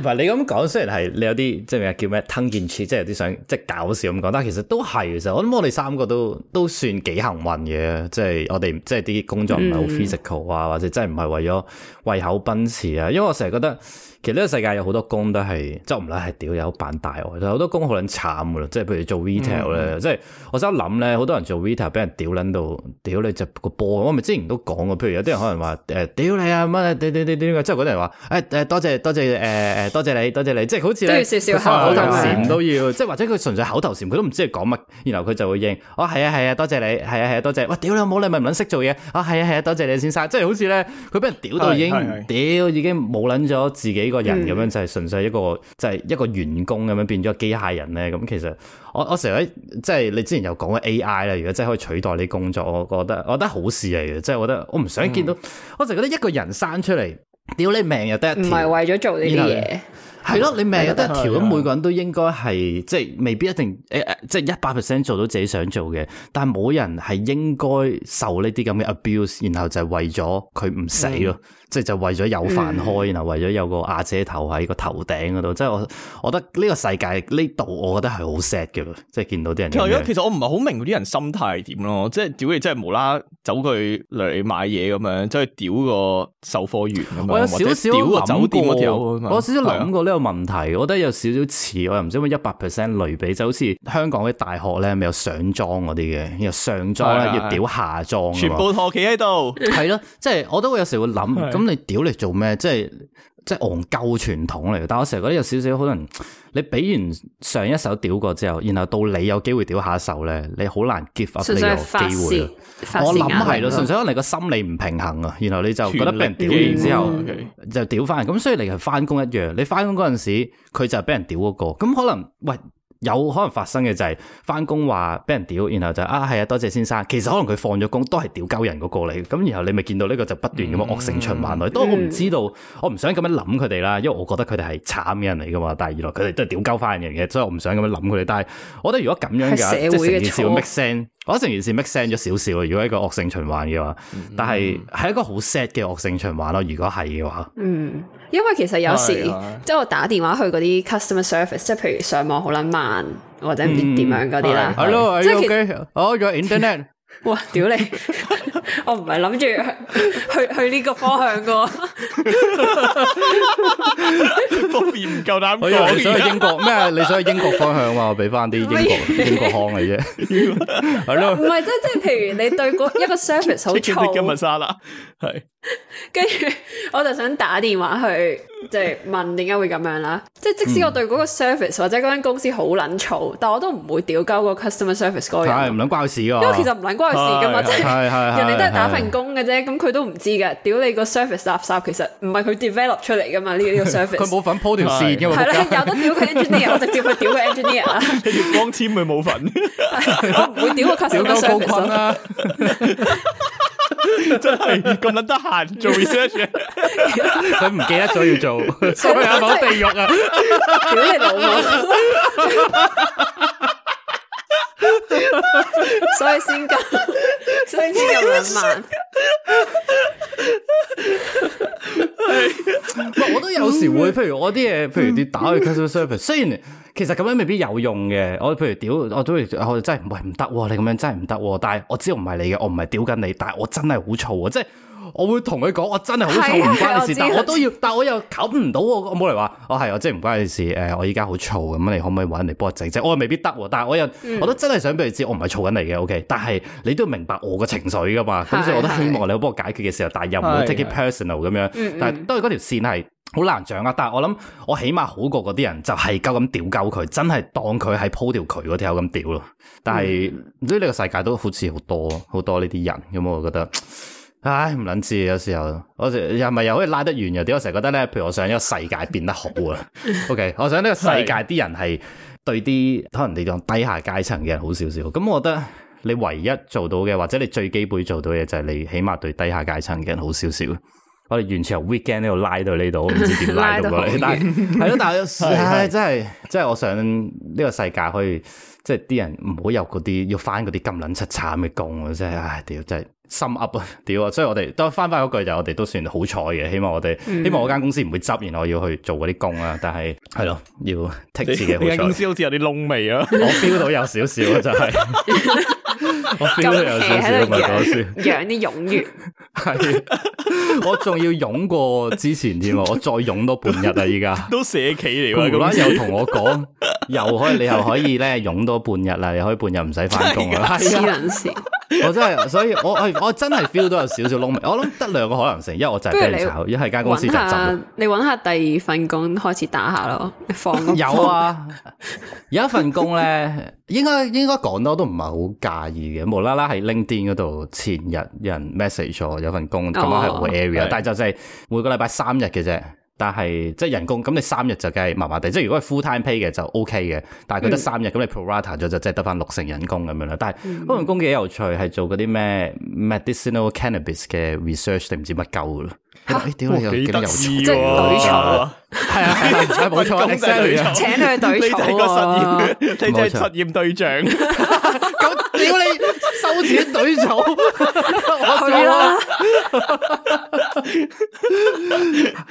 過你咁講，雖然係有啲即係咩叫咩 tangential，即係有啲想即係搞笑咁講，但係其實都係其實，我諗我哋三個都都算幾幸運嘅，即係我哋即係啲工作唔係好 physical 啊，嗯、或者真係唔係為咗胃口奔馳啊，因為我成日覺得。其實呢個世界有好多工都係，即唔理係屌又好扮大喎，其實好多工好撚慘噶啦，即係譬如做 retail 咧，即係我成日諗咧，好多人做 retail 俾人屌撚到，屌你隻個波，我咪之前都講過，譬如有啲人可能話誒屌你啊乜你你你你，即係嗰啲人話誒多謝多謝誒誒、呃、多謝你多謝你，多謝你，即係好似咧都要少少口頭禪都要，即係的或者佢純粹口頭禪，佢都唔知佢講乜，然後佢就會應哦係啊係啊多謝你係啊係啊多謝，哇屌你冇你咪唔撚識做嘢哦，係啊係啊多謝你先生，即係好似咧佢俾人屌到已經屌已經冇撚咗自己。嗯、一個人咁樣就係純粹一個，就係、是、一個員工咁樣變咗個機械人咧。咁其實我我成日即係你之前又講過 AI 咧，如果真係可以取代啲工作，我覺得我覺得好事嚟嘅。即係我覺得我唔想見到，嗯、我成日覺得一個人生出嚟，屌你命又得一條，唔係為咗做呢啲嘢，係咯，你命又得一條。咁每個人都應該係，即係未必一定誒誒，即係一百 percent 做到自己想做嘅。但係冇人係應該受呢啲咁嘅 abuse，然後就係為咗佢唔死咯。嗯即係就為咗有飯開，然後為咗有個阿姐頭喺個頭頂嗰度，即係我，我覺得呢個世界呢度，我覺得係好 sad 嘅。即係見到啲人，其實我唔係好明啲人心態點咯。即係屌你，真係無啦走佢嚟買嘢，咁樣，即係屌個售貨員咁樣。我有少少諗過，我有少少諗過呢個，的個問題。我覺得有少少似，我又唔知點解一百 percent 類比，就好似香港啲大學咧，咪有上莊嗰啲嘅，然後上莊咧的要屌下莊，的的全部托企喺度。係咯， [laughs] [laughs] 即係我都會有時會諗的 [laughs] 咁你屌嚟做咩？即係即係戇鳩傳統嚟嘅。但係我成日覺得有少少可能，你俾完上一首屌過之後，然後到你有機會屌下首咧，你好難 give 翻呢個機會。我諗係咯，純粹可能你個心理唔平衡啊。然後你就覺得俾人屌完之後力就屌翻。咁雖然你係翻工一樣，你翻工嗰陣時佢就係俾人屌嗰個。咁可能喂。有可能發生嘅就係翻工話俾人屌，然後就啊，係啊，多謝先生。其實可能佢放咗工都係屌鳩人嗰、嗰個嚟，咁然後你咪見到呢個就不斷咁惡性循環咯。當然、嗯、我唔知道，我唔想咁樣諗佢哋啦，因為我覺得佢哋係慘嘅人嚟噶嘛。但係二來佢哋都係屌鳩翻人嘅，所以我唔想咁樣諗佢哋。但係我覺得如果咁樣嘅即係成件事 make sense 我覺得成件事 make sense 咗少少。如果一個惡性循環嘅話，嗯、但係係一個好 sad 嘅惡性循環咯。如果係嘅話，嗯。因為其實有時即係我打電話去嗰啲 customer service，即係譬如上網好撚慢或者唔知點樣嗰啲啦。Hello，即係哦，yourinternet。哇，屌你！我唔係諗住去去呢個方向噶。當年唔夠膽，我想去英國咩？你想去英國方向嘛？我俾翻啲英國英國腔嚟啫。係咯，唔係即係即係譬如你對個一個 service 好嘈。跟住我就想打電話去，即係問點解會咁樣啦。即係即使我對嗰個 service 或者嗰間公司好捻嘈，但我都唔會屌交個 customer service 嗰樣，唔捻關事噶。因為其實唔捻關事噶嘛，即係人哋都係打份工嘅啫，咁佢都唔知噶。屌你個 service 垃圾，其實唔係佢 develop 出嚟噶嘛，呢呢個 service。佢冇份鋪條線嘅嘛。係啦，有得屌佢 engineer，我直接去屌佢 engineer 啦。光纖佢冇份，我唔會屌個 customer service。真係咁撚得閒做 research，佢唔記得咗要做，所以阿老地獄啊，屌你老母，所以先咁，所以先咁難。唔係，我都有時會，譬如我啲嘢，譬如你打去 customer service，雖然。其實咁樣未必有用嘅，我譬如屌，我都真係唔係唔得喎，你咁樣真係唔得喎。但係我知我唔係你嘅，我唔係屌緊你，但係我真係好燥啊！即係我會同佢講，我真係好燥，唔的關你事，我但我都要， [laughs] 但我又搞唔到我。冇嚟由話，我係我即係唔關你事，誒、呃，我依家好燥，咁你可唔可以搵人嚟幫我整一整？我又未必得，okay，但係我又，我都真係想俾你知，我唔係燥緊你嘅，OK。但係你都要明白我嘅情緒噶嘛，咁的所以我都希望你幫我解決嘅時候，但係又唔好 take it personal 咁樣的的。但係都係嗰條線係。好難掌握，但係我諗我起碼好過嗰啲人，就係夠咁屌鳩佢，真係當佢係鋪條渠嗰條咁屌咯。但係呢、嗯、個世界都好似好多好多呢啲人，咁我覺得，唉唔捻知，有時候有時又咪又可以拉得完。又點？我成日覺得咧，譬如我想一個世界變得好啊 [laughs] ，OK？我想呢個世界啲人係對啲是可能你當低下階層嘅人好少少，咁我覺得你唯一做到嘅或者你最基本做到嘅，就係你起碼對低下階層嘅人好少少，少。我哋、 [music] 嗯、完全由 weekend 呢度拉到呢度，唔知點拉到過嚟。 [laughs] 很但係，係咯，但係，係真係，真係，真係我想呢個世界可以，即係啲人唔好有嗰啲要返嗰啲咁撚柒慘嘅工啊！真係，唉，屌，真係。心噏啊，屌啊！所以我哋都翻翻嗰句就，我哋都算好彩嘅。希望我哋，希望我間公司唔會執，然後我要去做嗰啲工啊。但係係咯，要停市嘅。公司好似有啲窿味啊，我 feel 到有少少啊，真係我 feel 到有少少。唔係講笑，養啲踴躍，係我仲要涌過之前添，我再涌多半日啊！依家都社企嚟，無啦啦又同我講，又可以你又可以咧涌多半日啦，又可以半日唔使翻工啊！黐人線，我真係，所以我誒。 [laughs] 我真係 feel 到有少少窿味， [laughs] 我諗得兩個可能性，因一我就係俾你炒，你一係間 [laughs] 公司就真。你搵下，第二份工開始打下咯，放 [laughs] [laughs] 有啊，有一份工咧，應該應該講多都唔係好介意嘅，無啦啦喺 LinkedIn 嗰度前日有人 message 咗有份工，咁、哦、樣係會 area，是但係就係每個禮拜三日嘅啫。但係即係人工，咁你三日就梗係麻麻地。即係如果係 full time pay 嘅就 OK 嘅，但係佢得三日，咁你 pro rata 咗就即係得翻六成人工咁樣啦。但係嗰份工幾有趣，係做嗰啲咩 medicinal cannabis 嘅 research 定唔知乜鳩咯？你哇，幾得意，即係對丑，係啊，係啊，冇錯，咁就請佢對丑。你係個實驗，你係實驗對象。咁屌你收錢對丑，好啊。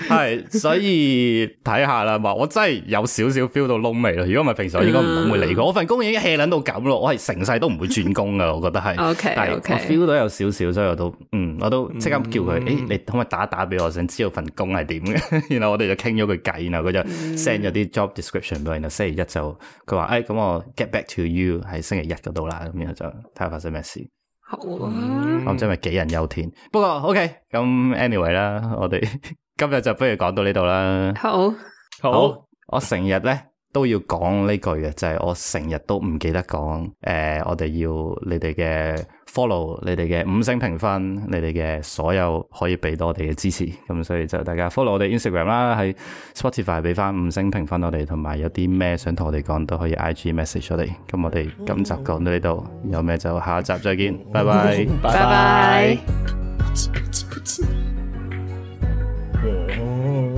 係， [laughs] 所以睇下啦，我真係有少少 feel 到窿味咯。如果唔係平時我該、嗯我，我應該唔會理佢。我份工已經 hea 撚到咁咯，我係成世都唔會轉工噶。我覺得係，okay, okay. 但係我 feel 到有少少，所以我都嗯，我都即刻叫佢，誒、嗯欸，你可唔可以打打俾我，想知道份工係點嘅？然後我哋就傾咗句偈，然後佢就 send 咗啲 job description，俾我然後星期一就佢話，誒，咁、哎、我 get back to you 喺星期日嗰度啦，咁然後就睇下發生咩事。好啊，嗯、我真係杞人憂天。不過 OK，咁 anyway 啦，我哋。 [laughs] 今日就不如講到呢度啦。好，好，我成日咧都要講呢句嘅，就係我成日都唔記得講，誒、呃，我哋要你哋嘅 follow，你哋嘅五星評分，你哋嘅所有可以俾到我哋嘅支持，咁所以就大家 follow 我哋 Instagram 啦，喺 Spotify 俾翻五星評分我哋，同埋有啲咩想同我哋講都可以 IG message 我哋。咁我哋今集講到呢度，嗯、有咩就下一集再見，拜拜，拜拜。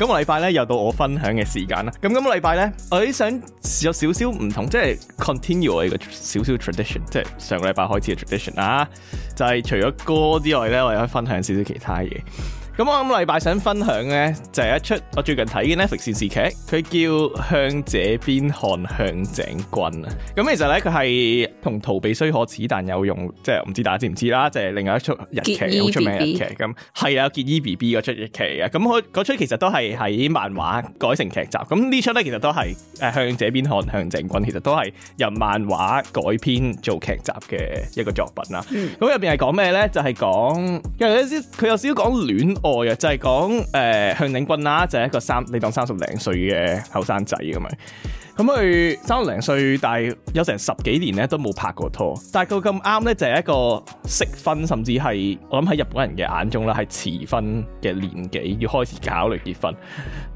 今個禮拜咧又到我分享嘅時間啦！咁今個禮拜咧，我啲想有少少唔同，即係 continue 我哋個少少 tradition，即係上個禮拜開始嘅 tradition 啊！就係除咗歌之外咧，我哋可以分享少少其他嘢。咁我今個禮拜想分享咧，就係、是、一出我最近睇嘅 Netflix 電視劇，佢叫《往這邊看向井君》啊。咁、嗯、其實咧，佢係同《逃避雖可恥但有用》即，即係唔知大家知唔知啦，即、就、係、是、另外一出日劇，好 Get 出名日劇。咁係啊，結衣 B B 嗰出日劇啊。咁佢嗰出其實都係喺漫畫改成劇集。咁、嗯、呢出咧，其實都係誒《往這邊看向井君》，其實都係由漫畫改編做劇集嘅一個作品啦。咁入邊係講咩咧？就係講佢有少少講戀。哦， [music] 就是呃、啊，就係講誒向井君啦，就係一個三你當三十零歲嘅後生仔咁樣。咁佢三零歲，但係有成十幾年咧都冇拍過拖，但係佢咁啱咧就係、是、一個適婚，甚至係我諗喺日本人嘅眼中啦，係遲婚嘅年紀要開始考慮結婚。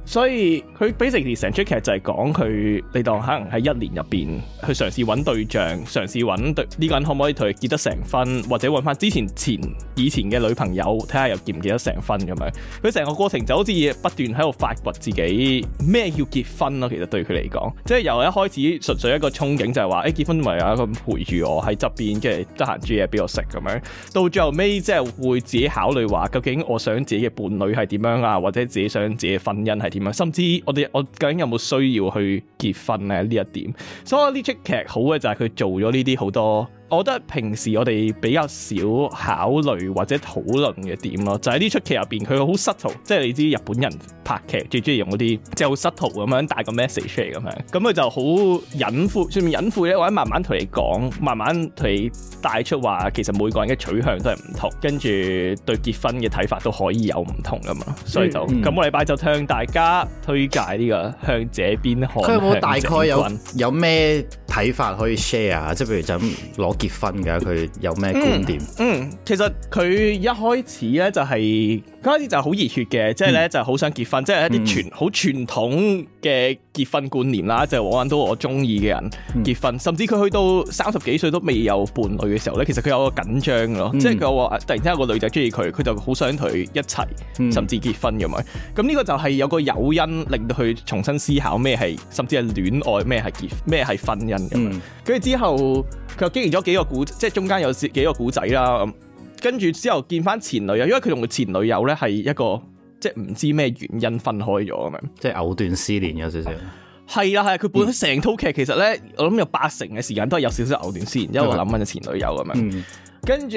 所以佢 basically 成出劇就係講佢，你當可能喺一年入邊去嘗試揾對象，嘗試揾對呢、這個人可唔可以同佢結得成婚，或者揾翻之前前以前嘅女朋友睇下又結唔結得成婚咁樣。佢成個過程就好似不斷喺度發掘自己咩叫結婚咯，其實對佢嚟講。即係由一開始純粹一個憧憬，就係話誒結婚咪有一個陪住我喺側邊，即係得閒煮嘢俾我食咁樣。到最後尾，即係會自己考慮話，究竟我想自己嘅伴侶係點樣啊，或者自己想自己嘅婚姻係點樣啊，甚至我哋我究竟有冇需要去結婚咧呢一點。所以呢出劇好嘅就係佢做咗呢啲好多。我覺得平時我哋比較少考慮或者討論嘅點咯，就喺、係、呢出劇入邊佢好 subtle，即係你知日本人拍劇最中意用嗰啲即係好 subtle 咁樣帶個 message 嚟咁樣，咁佢就好隱晦，算唔算隱晦咧？或者慢慢同你講，慢慢同你帶出話，其實每個人嘅取向都係唔同，跟住對結婚嘅睇法都可以有唔同噶嘛。所以就咁、嗯嗯、我禮拜就向大家推介呢、這個往這邊看。佢有冇大概有有咩睇法可以 share 啊？即係譬如就攞。結婚嘅佢有咩觀點嗯？嗯，其實佢一開始咧就係、是，佢開始就好熱血嘅，即係咧就好想結婚，即、就、係、是、一啲傳好傳統。嘅結婚觀念啦，就揾、係、到我中意嘅人結婚，嗯、甚至佢去到三十幾歲都未有伴侶嘅時候咧，其實佢有個緊張咯，嗯、即係佢話突然之間有個女仔中意佢，佢就好想同佢一齊，甚至結婚咁樣。咁呢、嗯、個就係有個誘因令到佢重新思考咩係，甚至係戀愛咩係結咩係婚姻咁。跟住、嗯、之後佢又經歷咗幾個故，即係中間有幾個故仔啦。咁跟住之後見翻前女友，因為佢同佢前女友咧係一個。即係唔知咩原因分開咗啊？嘛、啊，即係藕斷絲連有少少，係啊係。佢本身成套劇其實咧，我諗有八成嘅時間都係有少少藕斷絲連，因為諗緊個前女友咁樣。嗯、跟住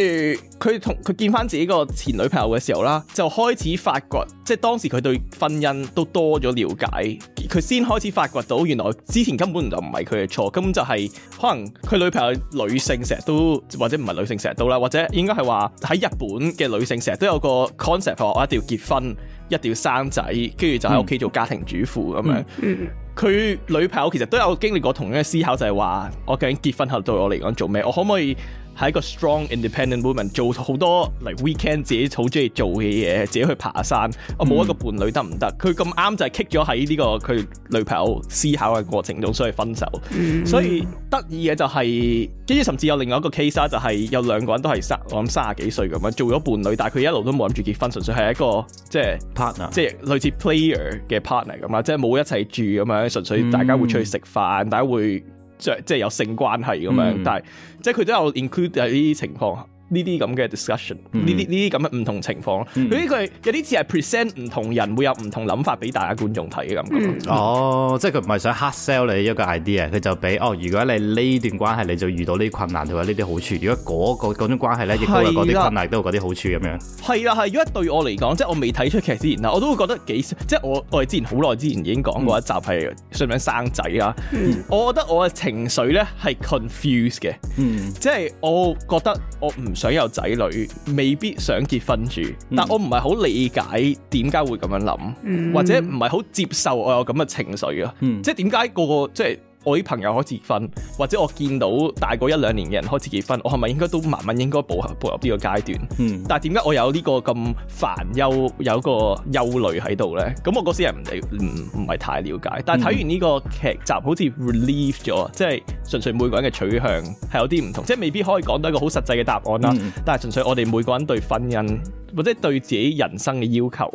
佢同佢見翻自己個前女朋友嘅時候啦，就開始發覺，即係當時佢對婚姻都多咗了解。佢先開始發覺到，原來之前根本就唔係佢嘅錯，根本就係可能佢女朋友女性成日都或者唔係女性成日都啦，或者應該係話喺日本嘅女性成日都有個 concept，我一定要結婚。一定要生仔，跟住就喺屋企做家庭主婦咁、嗯、樣。佢 [laughs] 女朋友其實都有經歷過同樣嘅思考，就係話：我究竟結婚後對我嚟講做咩？我可唔可以？喺一個 strong independent woman，做好多，嚟 weekend 自己好中意做嘅嘢，自己去爬山，我冇、嗯哦、一個伴侶得唔得？佢咁啱就係 kick 咗喺呢個佢女朋友思考嘅過程中，所以分手。嗯、所以得意嘅就係、是，跟住甚至有另外一個 case 啦，就係、是、有兩個人都係三我諗三十幾歲咁樣做咗伴侶，但係佢一路都冇諗住結婚，純粹係一個即係 partner，即係類似 player 嘅 partner 咁啦，即係冇一齊住咁樣，純粹大家會出去食飯，嗯、大家會即係即係有性關係咁樣，但係。即係佢都有 include 喺呢啲情況。呢啲咁嘅 discussion，呢啲呢啲咁嘅唔同情況佢呢、嗯、句有啲似係 present 唔同人、嗯、會有唔同諗法俾大家觀眾睇嘅感覺。嗯、哦，即係佢唔係想 hard sell 你一個 idea，佢就俾哦，如果你呢段關係你就遇到呢困難同埋呢啲好處，如果嗰、那個嗰種關係咧亦都係嗰啲困難都有嗰啲好處咁樣。係啊係、啊啊，如果對我嚟講，即、就、係、是、我未睇出劇之前我都會覺得幾，即、就、係、是、我我哋之前好耐之前已經講過一集係想唔想生仔啦、啊。嗯、我覺得我嘅情緒咧係 confused 嘅、嗯，即係我覺得我唔。想有仔女，未必想結婚住，嗯、但我唔係好理解點解會咁樣諗，嗯、或者唔係好接受我有咁嘅情緒啊，即係點解個個即係，即係我啲朋友開始結婚，或者我見到大過一兩年嘅人開始結婚，我係咪應該都慢慢應該步入步入呢個階段？嗯，但係點解我有呢個咁煩憂，有個憂慮喺度呢？咁我嗰時又唔理，唔唔係太了解。但係睇完呢個劇集好似 relief 咗，即係純粹每個人嘅取向係有啲唔同，即係未必可以講到一個好實際嘅答案啦。嗯，但係純粹我哋每個人對婚姻，或者對自己人生嘅要求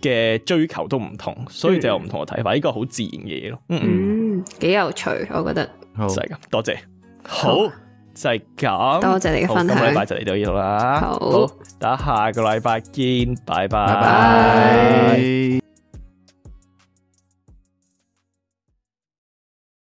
嘅追求都唔同，所以就有唔同嘅睇法，呢個好自然嘅嘢咯。嗯，嗯，幾、嗯、有趣，我覺得。就係咁，多謝，謝。好，好，就係、是、咁，多謝你嘅分享。咁、那個、禮拜就嚟到呢度啦。好，好，大家下個禮拜見，拜拜。Bye bye